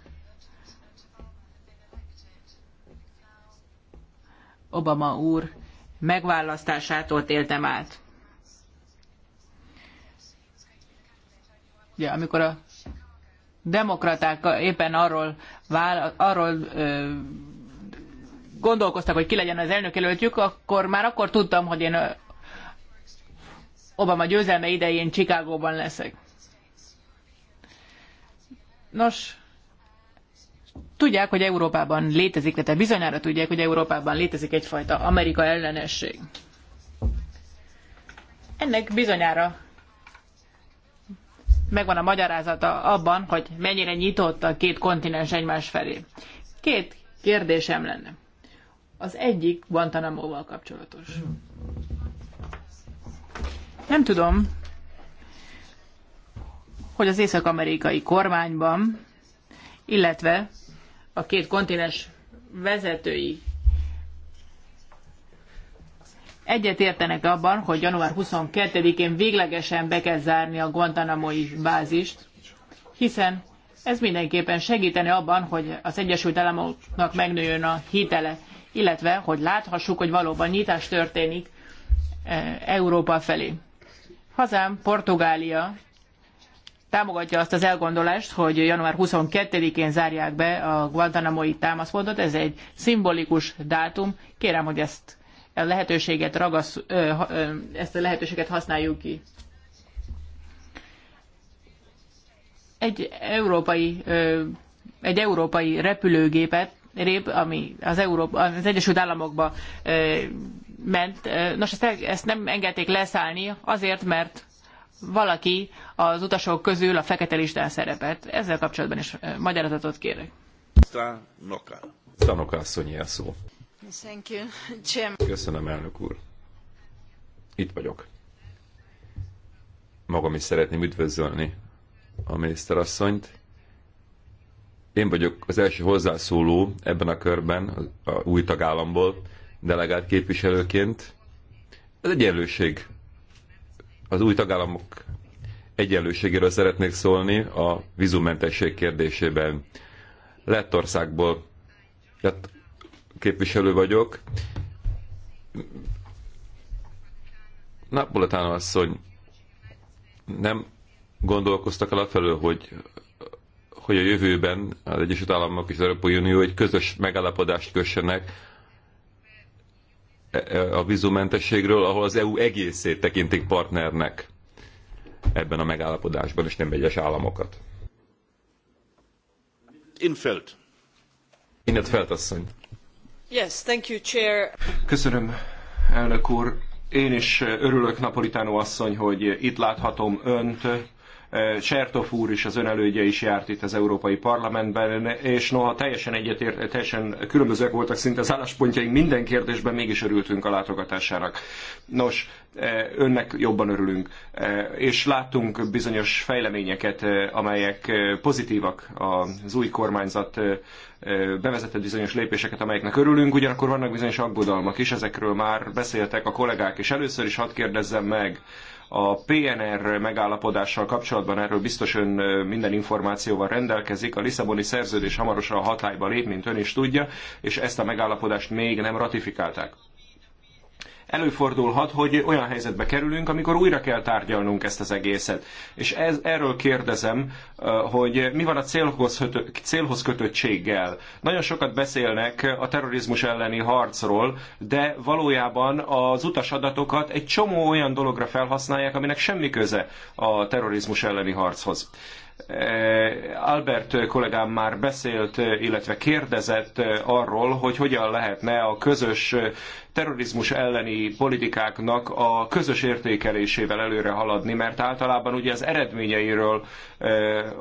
Obama úr megválasztásától éltem át. Ugye, amikor a demokraták éppen arról, arról gondolkoztak, hogy ki legyen az elnökjelöltjük, akkor már akkor tudtam, hogy én Obama győzelme idején Csikágóban leszek. Nos, tudják, hogy Európában létezik, tehát bizonyára tudják, hogy Európában létezik egyfajta Amerika ellenesség. Ennek bizonyára megvan a magyarázata abban, hogy mennyire nyitott a két kontinens egymás felé. Két kérdésem lenne. Az egyik Guantanamo-val kapcsolatos. Nem tudom, hogy az észak-amerikai kormányban, illetve a két kontinens vezetői Egyet értenek abban, hogy január 22-én véglegesen be kell zárni a Guantanamo-i bázist, hiszen ez mindenképpen segítene abban, hogy az Egyesült Államoknak megnőjön a hitele, illetve hogy láthassuk, hogy valóban nyitás történik eh, Európa felé. Hazám, Portugália támogatja azt az elgondolást, hogy január 22-én zárják be a Guantanamo-i támaszpontot. Ez egy szimbolikus dátum. Kérem, hogy ezt a lehetőséget ragasz, ezt a lehetőséget használjuk ki. Egy európai, egy európai repülőgépet, rép, ami az, Európa, az Egyesült Államokba ment, nos, ezt, ezt nem engedték leszállni azért, mert valaki az utasok közül a fekete listán szerepet. Ezzel kapcsolatban is magyarázatot kérek. Stanoka. Stanoka asszonyi a szó. Thank you, Jim. Köszönöm, elnök úr. Itt vagyok. Magam is szeretném üdvözölni a miniszterasszonyt. Én vagyok az első hozzászóló ebben a körben, a új tagállamból, delegált képviselőként. Ez egyenlőség. Az új tagállamok egyenlőségéről szeretnék szólni a vízumentesség kérdésében. Lettországból, lett képviselő vagyok. Napoletán asszony, nem gondolkoztak el hogy, hogy a jövőben az Egyesült Államok és az Európai Unió egy közös megállapodást kössenek e, e, a vízumentességről, ahol az EU egészét tekintik partnernek ebben a megállapodásban, és nem egyes államokat. Innet felt, asszony. Yes, thank you, chair. Köszönöm, elnök úr. Én is örülök, Napolitánó asszony, hogy itt láthatom önt Sertov úr is, az önelődje is járt itt az Európai Parlamentben, és noha teljesen egyetért, teljesen különbözőek voltak szinte az álláspontjaink minden kérdésben, mégis örültünk a látogatásának. Nos, önnek jobban örülünk, és láttunk bizonyos fejleményeket, amelyek pozitívak az új kormányzat bevezetett bizonyos lépéseket, amelyeknek örülünk, ugyanakkor vannak bizonyos aggodalmak is, ezekről már beszéltek a kollégák, és először is hadd kérdezzem meg, a PNR megállapodással kapcsolatban erről biztos ön minden információval rendelkezik. A Lisszaboni szerződés hamarosan hatályba lép, mint ön is tudja, és ezt a megállapodást még nem ratifikálták előfordulhat, hogy olyan helyzetbe kerülünk, amikor újra kell tárgyalnunk ezt az egészet. És ez, erről kérdezem, hogy mi van a célhoz, célhoz kötöttséggel. Nagyon sokat beszélnek a terrorizmus elleni harcról, de valójában az utasadatokat egy csomó olyan dologra felhasználják, aminek semmi köze a terrorizmus elleni harchoz. Eh, Albert kollégám már beszélt, illetve kérdezett eh, arról, hogy hogyan lehetne a közös eh, terrorizmus elleni politikáknak a közös értékelésével előre haladni, mert általában ugye az eredményeiről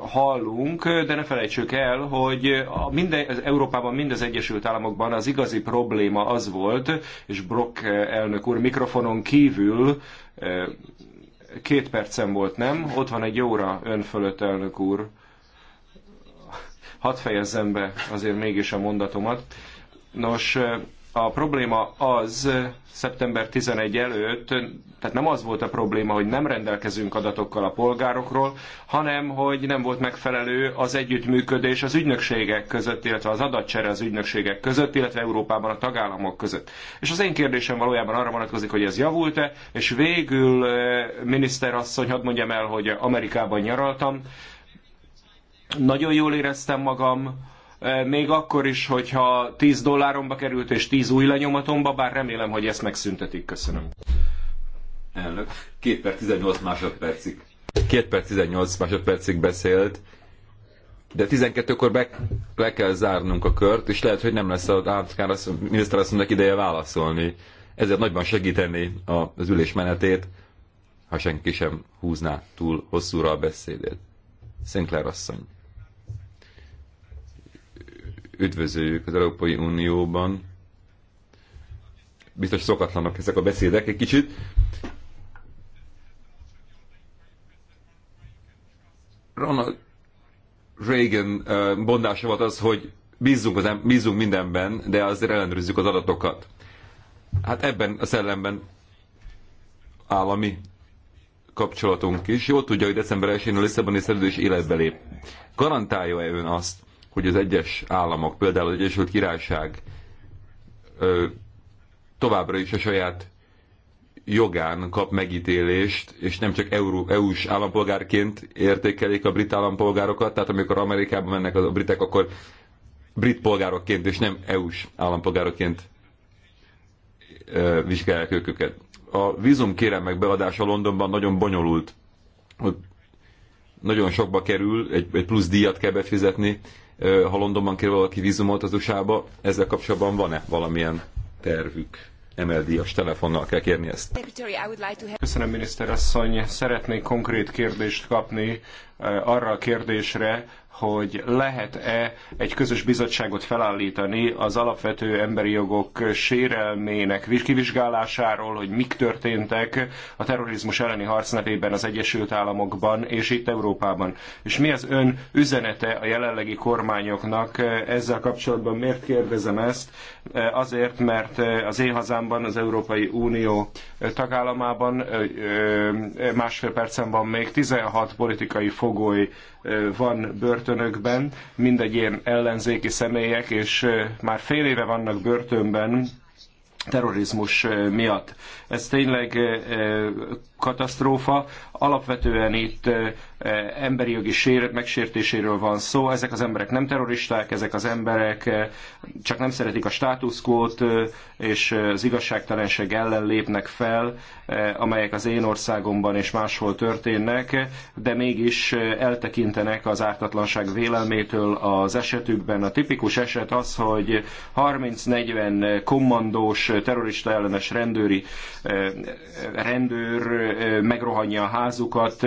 hallunk, de ne felejtsük el, hogy minden, az Európában, mind az Egyesült Államokban az igazi probléma az volt, és Brock elnök úr mikrofonon kívül Két percem volt, nem? Ott van egy óra ön fölött, elnök úr. Hadd fejezzem be azért mégis a mondatomat. Nos, a probléma az szeptember 11 előtt, tehát nem az volt a probléma, hogy nem rendelkezünk adatokkal a polgárokról, hanem hogy nem volt megfelelő az együttműködés az ügynökségek között, illetve az adatcsere az ügynökségek között, illetve Európában a tagállamok között. És az én kérdésem valójában arra vonatkozik, hogy ez javult-e, és végül miniszter asszony, hadd mondjam el, hogy Amerikában nyaraltam, nagyon jól éreztem magam, még akkor is, hogyha 10 dolláromba került és 10 új lenyomatomba, bár remélem, hogy ezt megszüntetik. Köszönöm. Elnök, 2 perc 18 másodpercig. 2 perc 18 másodpercig beszélt, de 12-kor be, le kell zárnunk a kört, és lehet, hogy nem lesz az átkár miniszter ideje válaszolni. Ezért nagyban segíteni az ülés menetét, ha senki sem húzná túl hosszúra a beszédét. Sinclair asszony üdvözöljük az Európai Unióban. Biztos szokatlanak ezek a beszédek egy kicsit. Ronald Reagan bondása volt az, hogy bízzunk, az, bízzunk mindenben, de azért ellenőrizzük az adatokat. Hát ebben a szellemben állami kapcsolatunk is. Jó tudja, hogy december 1-én a Lisszaboni szerződés életbe lép. Garantálja-e ön azt, hogy az egyes államok, például az Egyesült Királyság továbbra is a saját jogán kap megítélést, és nem csak EU-s állampolgárként értékelik a brit állampolgárokat, tehát amikor Amerikában, mennek a britek, akkor brit polgárokként és nem EU-s állampolgárokként vizsgálják őket. A vízum kérelmek beadása Londonban nagyon bonyolult. Nagyon sokba kerül, egy, egy plusz díjat kell befizetni, ha Londonban kér valaki vízumot az USA-ba, ezzel kapcsolatban van-e valamilyen tervük? mld a telefonnal kell kérni ezt. Köszönöm, miniszter asszony. Szeretnék konkrét kérdést kapni arra a kérdésre, hogy lehet-e egy közös bizottságot felállítani az alapvető emberi jogok sérelmének kivizsgálásáról, hogy mik történtek a terrorizmus elleni harc nevében az Egyesült Államokban és itt Európában. És mi az ön üzenete a jelenlegi kormányoknak ezzel kapcsolatban? Miért kérdezem ezt? Azért, mert az én hazámban, az Európai Unió tagállamában másfél percen van még 16 politikai fogoly van börtönökben, ilyen ellenzéki személyek, és már fél éve vannak börtönben, terrorizmus miatt. Ez tényleg katasztrófa. Alapvetően itt emberi jogi megsértéséről van szó. Ezek az emberek nem terroristák, ezek az emberek csak nem szeretik a státuszkót, és az igazságtalanság ellen lépnek fel, amelyek az én országomban és máshol történnek, de mégis eltekintenek az ártatlanság vélelmétől az esetükben. A tipikus eset az, hogy 30-40 kommandós, terrorista ellenes rendőri rendőr megrohanja a házukat,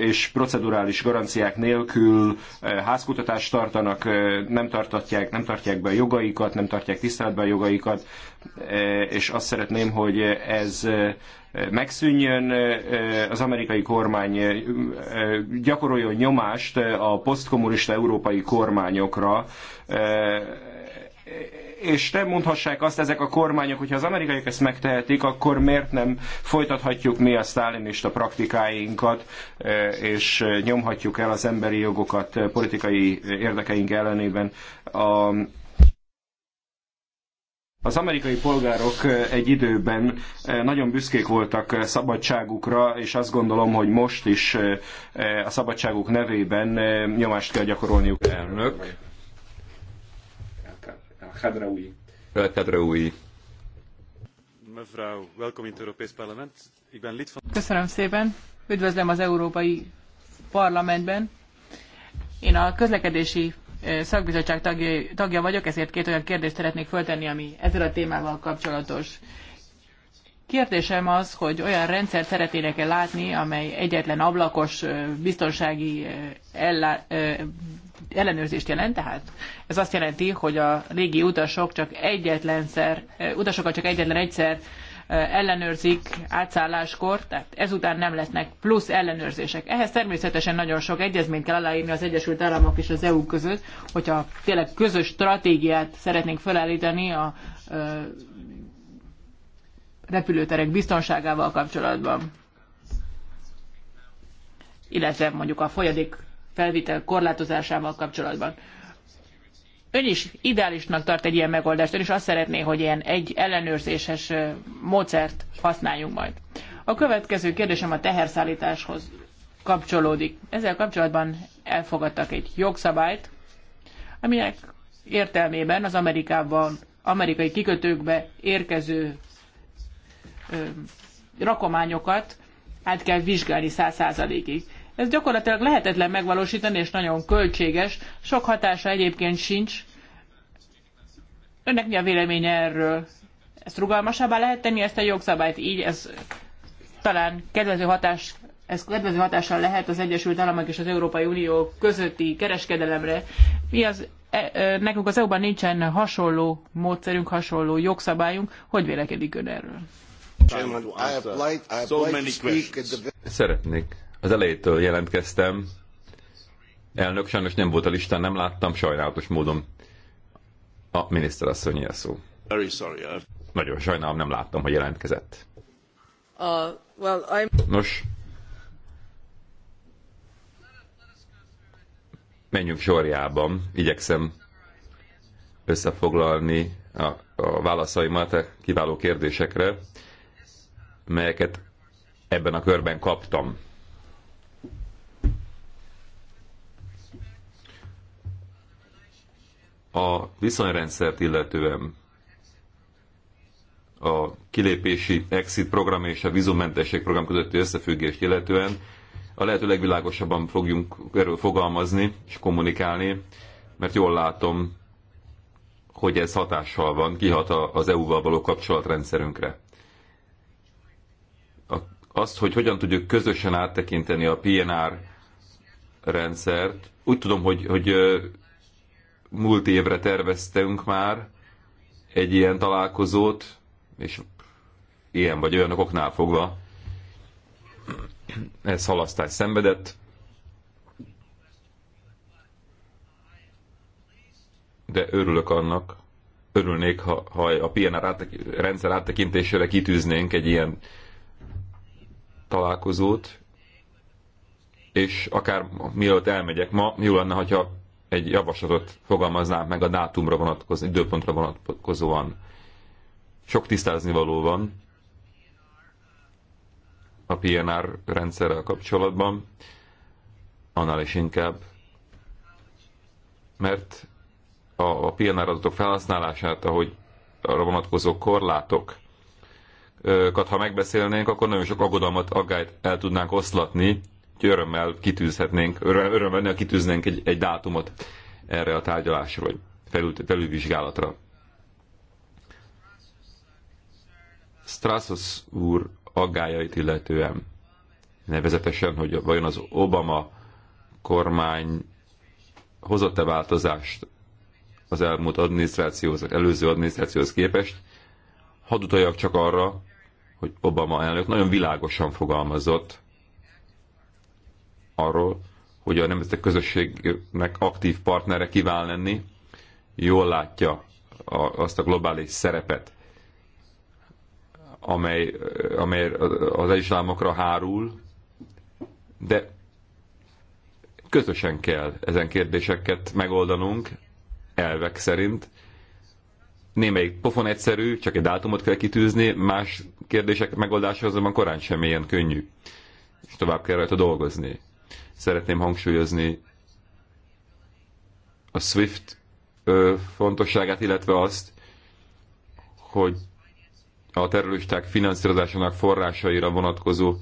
és procedurális garanciák nélkül házkutatást tartanak, nem, tartatják, nem tartják be a jogaikat, nem tartják tiszteletben a jogaikat, és azt szeretném, hogy ez megszűnjön, az amerikai kormány gyakoroljon nyomást a posztkommunista európai kormányokra, és nem mondhassák azt ezek a kormányok, hogyha az amerikaiak ezt megtehetik, akkor miért nem folytathatjuk mi a sztálinista praktikáinkat, e, és nyomhatjuk el az emberi jogokat politikai érdekeink ellenében. A, az amerikai polgárok egy időben e, nagyon büszkék voltak szabadságukra, és azt gondolom, hogy most is e, a szabadságuk nevében nyomást kell gyakorolniuk. Elnök. Kadraui. Kadraui. Mevrouw, welkom in het Europees Parlement. Ik ben lid van... Köszönöm szépen. Üdvözlöm az Európai Parlamentben. Én a közlekedési eh, szakbizottság tagja, tagja vagyok, ezért két olyan kérdést szeretnék föltenni, ami ezzel a témával kapcsolatos. Kérdésem az, hogy olyan rendszer szeretnének-e látni, amely egyetlen ablakos biztonsági ellenőrzést jelent, tehát ez azt jelenti, hogy a régi utasok csak egyetlenszer, utasokat csak egyetlen egyszer ellenőrzik átszálláskor, tehát ezután nem lesznek plusz ellenőrzések. Ehhez természetesen nagyon sok egyezményt kell aláírni az Egyesült Államok és az EU között, hogyha tényleg közös stratégiát szeretnénk felállítani a repülőterek biztonságával kapcsolatban, illetve mondjuk a folyadék felvitel korlátozásával kapcsolatban. Ön is ideálisnak tart egy ilyen megoldást, ön is azt szeretné, hogy ilyen egy ellenőrzéses módszert használjunk majd. A következő kérdésem a teherszállításhoz kapcsolódik. Ezzel kapcsolatban elfogadtak egy jogszabályt, aminek értelmében az Amerikában, amerikai kikötőkbe érkező rakományokat át kell vizsgálni száz százalékig. Ez gyakorlatilag lehetetlen megvalósítani, és nagyon költséges. Sok hatása egyébként sincs. Önnek mi a véleménye erről? Ezt rugalmasabbá lehet tenni, ezt a jogszabályt így, ez talán kedvező hatás ez kedvező hatással lehet az Egyesült Államok és az Európai Unió közötti kereskedelemre. Mi az, e, e, nekünk az EU-ban nincsen hasonló módszerünk, hasonló jogszabályunk. Hogy vélekedik ön erről? Szeretnék. Az elejétől jelentkeztem. Elnök, sajnos nem volt a listán, nem láttam, sajnálatos módon. A miniszterasszony a szó. Very sorry. Uh, Nagyon sajnálom, nem láttam, hogy jelentkezett. Uh, well, I'm... Nos, menjünk sorjában. Igyekszem összefoglalni a, a válaszaimat a kiváló kérdésekre melyeket ebben a körben kaptam. A viszonyrendszert illetően a kilépési exit program és a vízummentesség program közötti összefüggést illetően a lehető legvilágosabban fogjunk erről fogalmazni és kommunikálni, mert jól látom, hogy ez hatással van, kihat az EU-val való kapcsolatrendszerünkre azt, hogy hogyan tudjuk közösen áttekinteni a PNR rendszert. Úgy tudom, hogy, hogy múlt évre terveztünk már egy ilyen találkozót, és ilyen vagy olyan okoknál fogva ez halasztás szenvedett. De örülök annak, örülnék, ha, ha a PNR áttek, rendszer áttekintésére kitűznénk egy ilyen találkozót, és akár mielőtt elmegyek ma, jó lenne, hogyha egy javaslatot fogalmaznám meg a dátumra vonatkozóan, időpontra vonatkozóan. Sok tisztázni való van a PNR rendszerrel kapcsolatban, annál is inkább, mert a PNR adatok felhasználását, ahogy arra vonatkozó korlátok ha megbeszélnénk, akkor nagyon sok aggodalmat, aggályt el tudnánk oszlatni, hogy örömmel kitűzhetnénk, örömmel kitűznénk egy, egy dátumot erre a tárgyalásra, vagy felül, felülvizsgálatra. Strassos úr aggájait illetően, nevezetesen, hogy vajon az Obama kormány hozott-e változást az elmúlt adminisztrációhoz, előző adminisztrációhoz képest, hadd utaljak csak arra, hogy Obama elnök nagyon világosan fogalmazott arról, hogy a nemzetek közösségnek aktív partnere kíván lenni, jól látja azt a globális szerepet, amely, amely az Egyesült hárul, de közösen kell ezen kérdéseket megoldanunk, elvek szerint, Némelyik pofon egyszerű, csak egy dátumot kell kitűzni, más kérdések megoldása azonban korán sem ilyen könnyű, és tovább kell rajta dolgozni. Szeretném hangsúlyozni a SWIFT ö, fontosságát, illetve azt, hogy a terroristák finanszírozásának forrásaira vonatkozó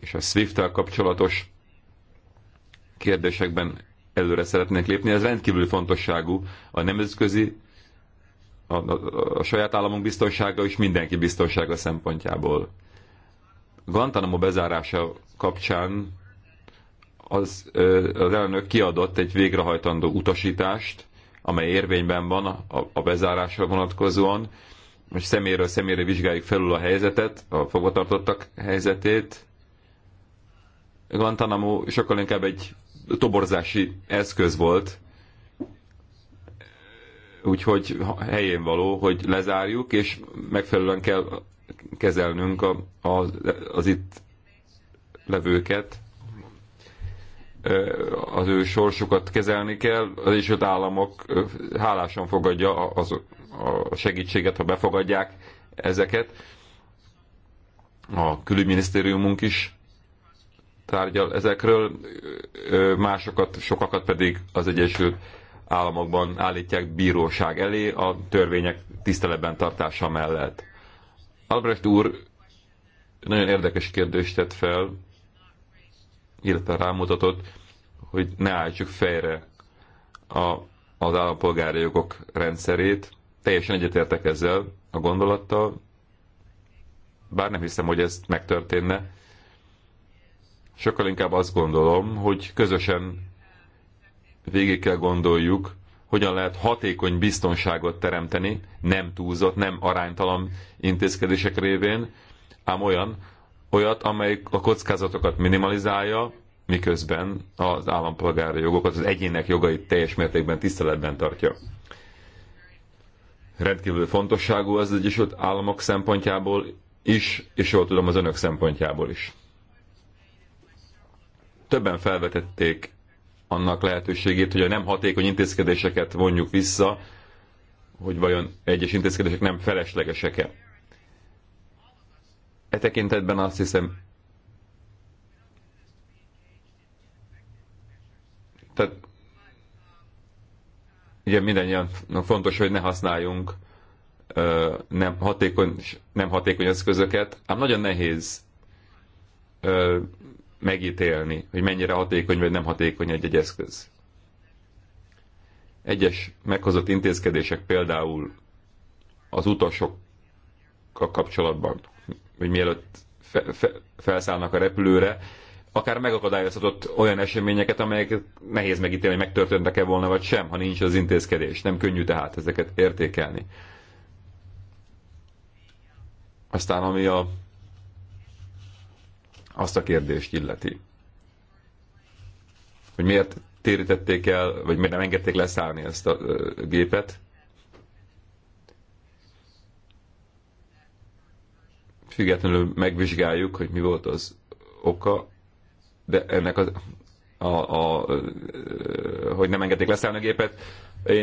és a SWIFT-tel kapcsolatos kérdésekben előre szeretnék lépni. Ez rendkívül fontosságú a nemzetközi a, a, a saját államunk biztonsága és mindenki biztonsága szempontjából. Guantanamo bezárása kapcsán az, az elnök kiadott egy végrehajtandó utasítást, amely érvényben van a, a bezárásra vonatkozóan, és személyről személyre vizsgáljuk felül a helyzetet, a fogvatartottak helyzetét. Guantanamo sokkal inkább egy toborzási eszköz volt, Úgyhogy helyén való, hogy lezárjuk, és megfelelően kell kezelnünk a, a, az itt levőket, az ő sorsukat kezelni kell, az ott Államok hálásan fogadja az, a segítséget, ha befogadják ezeket. A külügyminisztériumunk is tárgyal ezekről, másokat, sokakat pedig az Egyesült államokban állítják bíróság elé a törvények tiszteletben tartása mellett. Albrecht úr nagyon érdekes kérdést tett fel, illetve rámutatott, hogy ne állítsuk fejre a, az állampolgári jogok rendszerét. Teljesen egyetértek ezzel a gondolattal, bár nem hiszem, hogy ez megtörténne. Sokkal inkább azt gondolom, hogy közösen végig kell gondoljuk, hogyan lehet hatékony biztonságot teremteni, nem túlzott, nem aránytalan intézkedések révén, ám olyan, olyat, amely a kockázatokat minimalizálja, miközben az állampolgári jogokat, az egyének jogait teljes mértékben tiszteletben tartja. Rendkívül fontosságú az Egyesült Államok szempontjából is, és jól tudom az önök szempontjából is. Többen felvetették annak lehetőségét, hogy a nem hatékony intézkedéseket vonjuk vissza, hogy vajon egyes intézkedések nem feleslegesek-e. E tekintetben azt hiszem, tehát ugye mindannyian fontos, hogy ne használjunk ö, nem, hatékony, nem hatékony eszközöket, ám nagyon nehéz ö, megítélni, hogy mennyire hatékony vagy nem hatékony egy-egy eszköz. Egyes meghozott intézkedések például az utasokkal kapcsolatban, hogy mielőtt fe, fe, felszállnak a repülőre, akár megakadályozhatott olyan eseményeket, amelyek nehéz megítélni, megtörténtek-e volna vagy sem, ha nincs az intézkedés. Nem könnyű tehát ezeket értékelni. Aztán ami a azt a kérdést illeti. Hogy miért térítették el, vagy miért nem engedték leszállni ezt a gépet. Függetlenül megvizsgáljuk, hogy mi volt az oka, de ennek az, a, a, a, hogy nem engedték leszállni a gépet.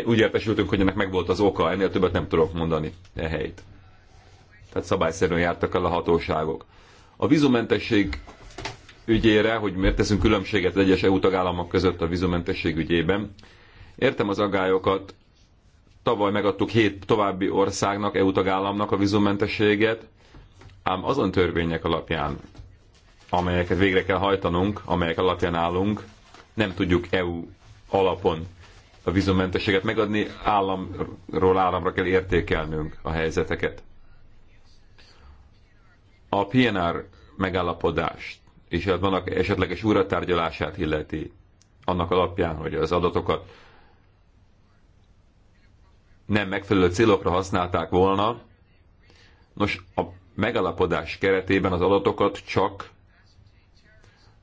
Úgy értesültünk, hogy ennek meg volt az oka, ennél többet nem tudok mondani e helyt. Tehát szabályszerűen jártak el a hatóságok. A vízumentesség ügyére, hogy miért teszünk különbséget az egyes EU tagállamok között a vízumentesség ügyében. Értem az agályokat, tavaly megadtuk hét további országnak, EU tagállamnak a vizumentességet, ám azon törvények alapján, amelyeket végre kell hajtanunk, amelyek alapján állunk, nem tudjuk EU alapon a vizumentességet megadni, államról államra kell értékelnünk a helyzeteket a PNR megállapodást és hát annak esetleges újratárgyalását illeti annak alapján, hogy az adatokat nem megfelelő célokra használták volna. Nos, a megalapodás keretében az adatokat csak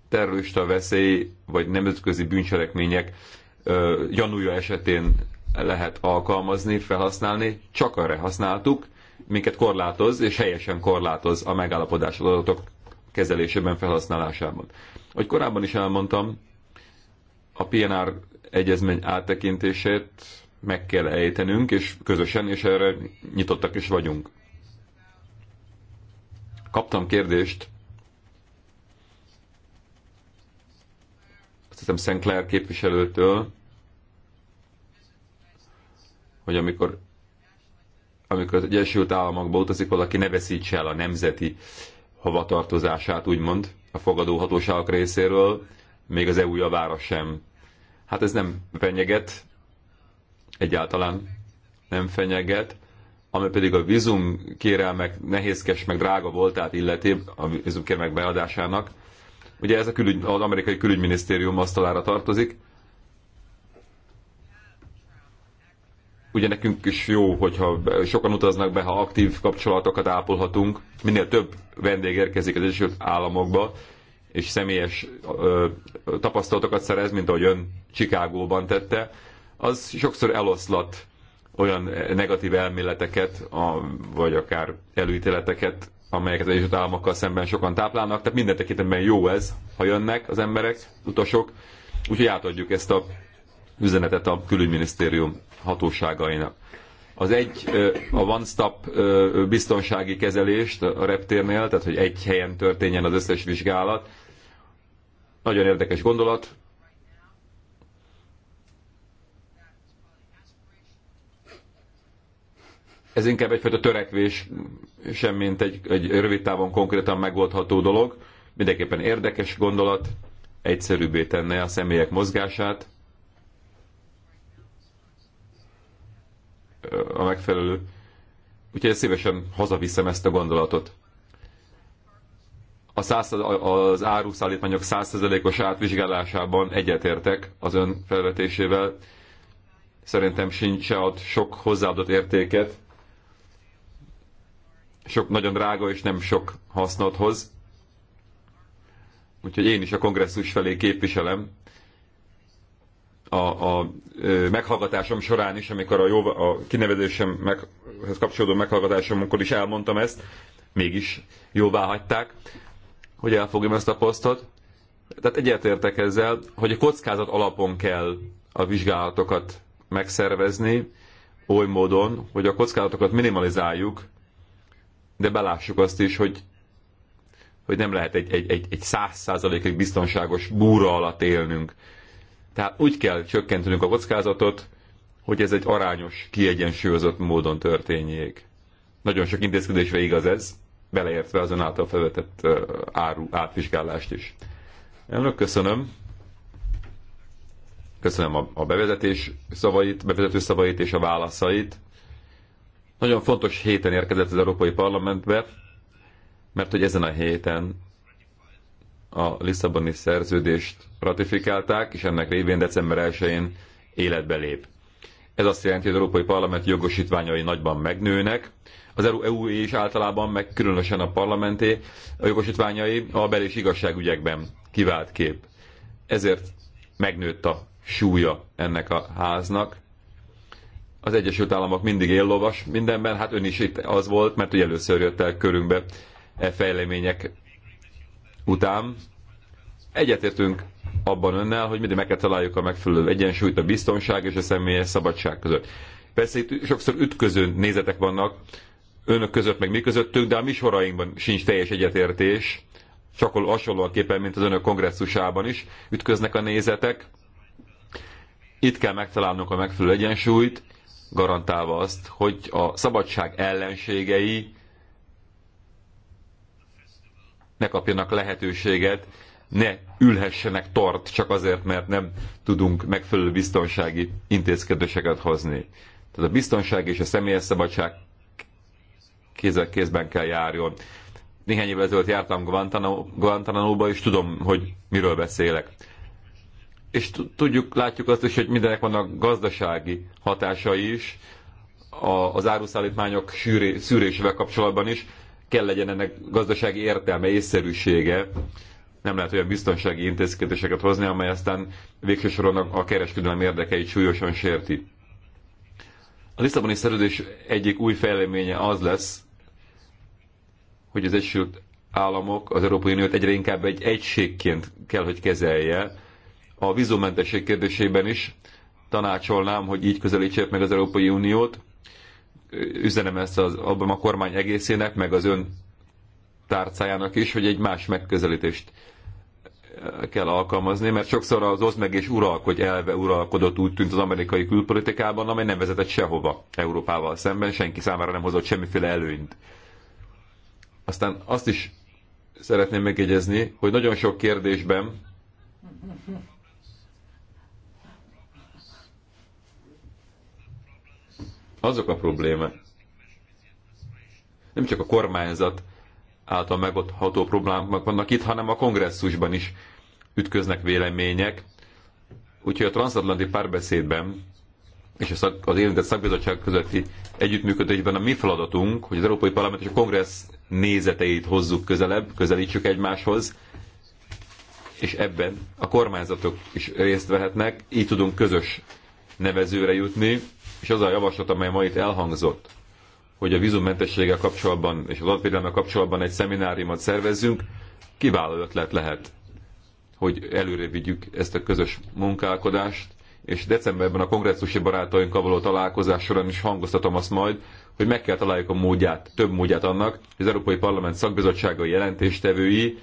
terrorista veszély vagy nemzetközi bűncselekmények ö, gyanúja esetén lehet alkalmazni, felhasználni, csak arra használtuk, minket korlátoz, és helyesen korlátoz a megállapodás adatok kezelésében, felhasználásában. Hogy korábban is elmondtam, a PNR egyezmény áttekintését meg kell ejtenünk, és közösen, és erre nyitottak is vagyunk. Kaptam kérdést, azt hiszem Sinclair képviselőtől, hogy amikor amikor az Egyesült Államokba utazik valaki, ne veszíts el a nemzeti hovatartozását, úgymond, a fogadóhatóságok részéről, még az EU javára sem. Hát ez nem fenyeget, egyáltalán nem fenyeget, ami pedig a vízum kérelmek nehézkes, meg drága voltát illeti, a vízum kérelmek beadásának. Ugye ez a külügy, az amerikai külügyminisztérium asztalára tartozik, Ugye nekünk is jó, hogyha sokan utaznak be, ha aktív kapcsolatokat ápolhatunk. Minél több vendég érkezik az Egyesült Államokba, és személyes ö, tapasztalatokat szerez, mint ahogy ön Csikágóban tette, az sokszor eloszlat olyan negatív elméleteket, a, vagy akár előítéleteket, amelyeket az Egyesült Államokkal szemben sokan táplálnak. Tehát minden tekintetben jó ez, ha jönnek az emberek, utasok. Úgyhogy átadjuk ezt a üzenetet a külügyminisztérium hatóságainak. Az egy, a one-stop biztonsági kezelést a reptérnél, tehát hogy egy helyen történjen az összes vizsgálat, nagyon érdekes gondolat. Ez inkább egyfajta törekvés, semmint egy, egy rövid távon konkrétan megoldható dolog. Mindenképpen érdekes gondolat, egyszerűbbé tenne a személyek mozgását, a megfelelő. Úgyhogy szívesen hazaviszem ezt a gondolatot. A száz, az áruszállítmányok százszerzelékos átvizsgálásában egyetértek az ön felvetésével. Szerintem sincs ad sok hozzáadott értéket, sok nagyon drága és nem sok hasznot hoz. Úgyhogy én is a kongresszus felé képviselem a, a meghallgatásom során is, amikor a, jó, a kinevezésemhez kapcsolódó meghallgatásomon is elmondtam ezt, mégis jóvá hagyták, hogy elfogjam ezt a posztot. Tehát egyetértek ezzel, hogy a kockázat alapon kell a vizsgálatokat megszervezni, oly módon, hogy a kockázatokat minimalizáljuk, de belássuk azt is, hogy, hogy nem lehet egy, egy, egy, egy 100%-ig biztonságos búra alatt élnünk tehát úgy kell csökkentenünk a kockázatot, hogy ez egy arányos, kiegyensúlyozott módon történjék. Nagyon sok intézkedésre igaz ez, beleértve azon által felvetett áru átvizsgálást is. Elnök, köszönöm. Köszönöm a, a bevezetés szavait, bevezető szavait és a válaszait. Nagyon fontos héten érkezett az Európai Parlamentbe, mert hogy ezen a héten a Lisszaboni szerződést ratifikálták, és ennek révén december 1-én életbe lép. Ez azt jelenti, hogy az Európai Parlament jogosítványai nagyban megnőnek, az EU és általában, meg különösen a parlamenté a jogosítványai a bel- és igazságügyekben kivált kép. Ezért megnőtt a súlya ennek a háznak. Az Egyesült Államok mindig éllovas mindenben, hát ön is itt az volt, mert ugye először jött el körünkbe e fejlemények után egyetértünk abban önnel, hogy mindig meg kell találjuk a megfelelő egyensúlyt a biztonság és a személyes szabadság között. Persze itt sokszor ütköző nézetek vannak önök között, meg mi közöttünk, de a mi sorainkban sincs teljes egyetértés, csak képen, mint az önök kongresszusában is ütköznek a nézetek. Itt kell megtalálnunk a megfelelő egyensúlyt, garantálva azt, hogy a szabadság ellenségei ne kapjanak lehetőséget, ne ülhessenek tart csak azért, mert nem tudunk megfelelő biztonsági intézkedéseket hozni. Tehát a biztonság és a személyes szabadság kézzel kézben kell járjon. Néhány évvel ezelőtt jártam Guantanamo-ba, és tudom, hogy miről beszélek. És tudjuk, látjuk azt is, hogy mindenek vannak gazdasági hatásai is, a, az áruszállítmányok szűrésével kapcsolatban is kell legyen ennek gazdasági értelme, észszerűsége. Nem lehet olyan biztonsági intézkedéseket hozni, amely aztán végső soron a kereskedelem érdekeit súlyosan sérti. A Lisszaboni szerződés egyik új fejleménye az lesz, hogy az Egyesült Államok az Európai Uniót egyre inkább egy egységként kell, hogy kezelje. A vízumentesség kérdésében is tanácsolnám, hogy így közelítsék meg az Európai Uniót, üzenem ezt az, abban a kormány egészének, meg az ön tárcájának is, hogy egy más megközelítést eh, kell alkalmazni, mert sokszor az oszd meg és uralkodj elve uralkodott úgy tűnt az amerikai külpolitikában, amely nem vezetett sehova Európával szemben, senki számára nem hozott semmiféle előnyt. Aztán azt is szeretném megjegyezni, hogy nagyon sok kérdésben azok a problémák, nem csak a kormányzat által megoldható problémák vannak itt, hanem a kongresszusban is ütköznek vélemények. Úgyhogy a transatlanti párbeszédben és az, az érintett szakbizottság közötti együttműködésben a mi feladatunk, hogy az Európai Parlament és a Kongressz nézeteit hozzuk közelebb, közelítsük egymáshoz, és ebben a kormányzatok is részt vehetnek, így tudunk közös nevezőre jutni, és az a javaslat, amely ma itt elhangzott, hogy a vízummentességgel kapcsolatban és az adatvédelme kapcsolatban egy szemináriumot szervezzünk, kiváló ötlet lehet, hogy előre vigyük ezt a közös munkálkodást, és decemberben a kongresszusi barátainkkal való találkozás során is hangoztatom azt majd, hogy meg kell találjuk a módját, több módját annak, hogy az Európai Parlament szakbizottságai jelentéstevői,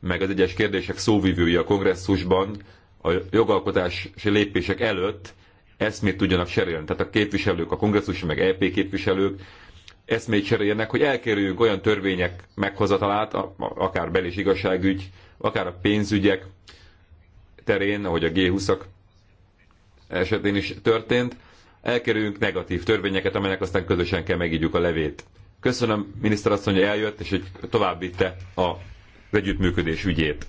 meg az egyes kérdések szóvivői a kongresszusban a jogalkotási lépések előtt eszmét tudjanak cserélni. Tehát a képviselők, a kongresszusi meg EP képviselők eszmét cseréljenek, hogy elkerüljünk olyan törvények meghozatalát, akár bel- és igazságügy, akár a pénzügyek terén, ahogy a G20-ak esetén is történt, elkerüljünk negatív törvényeket, amelynek aztán közösen kell megígyük a levét. Köszönöm, miniszter asszony, hogy eljött, és hogy tovább vitte a együttműködés ügyét.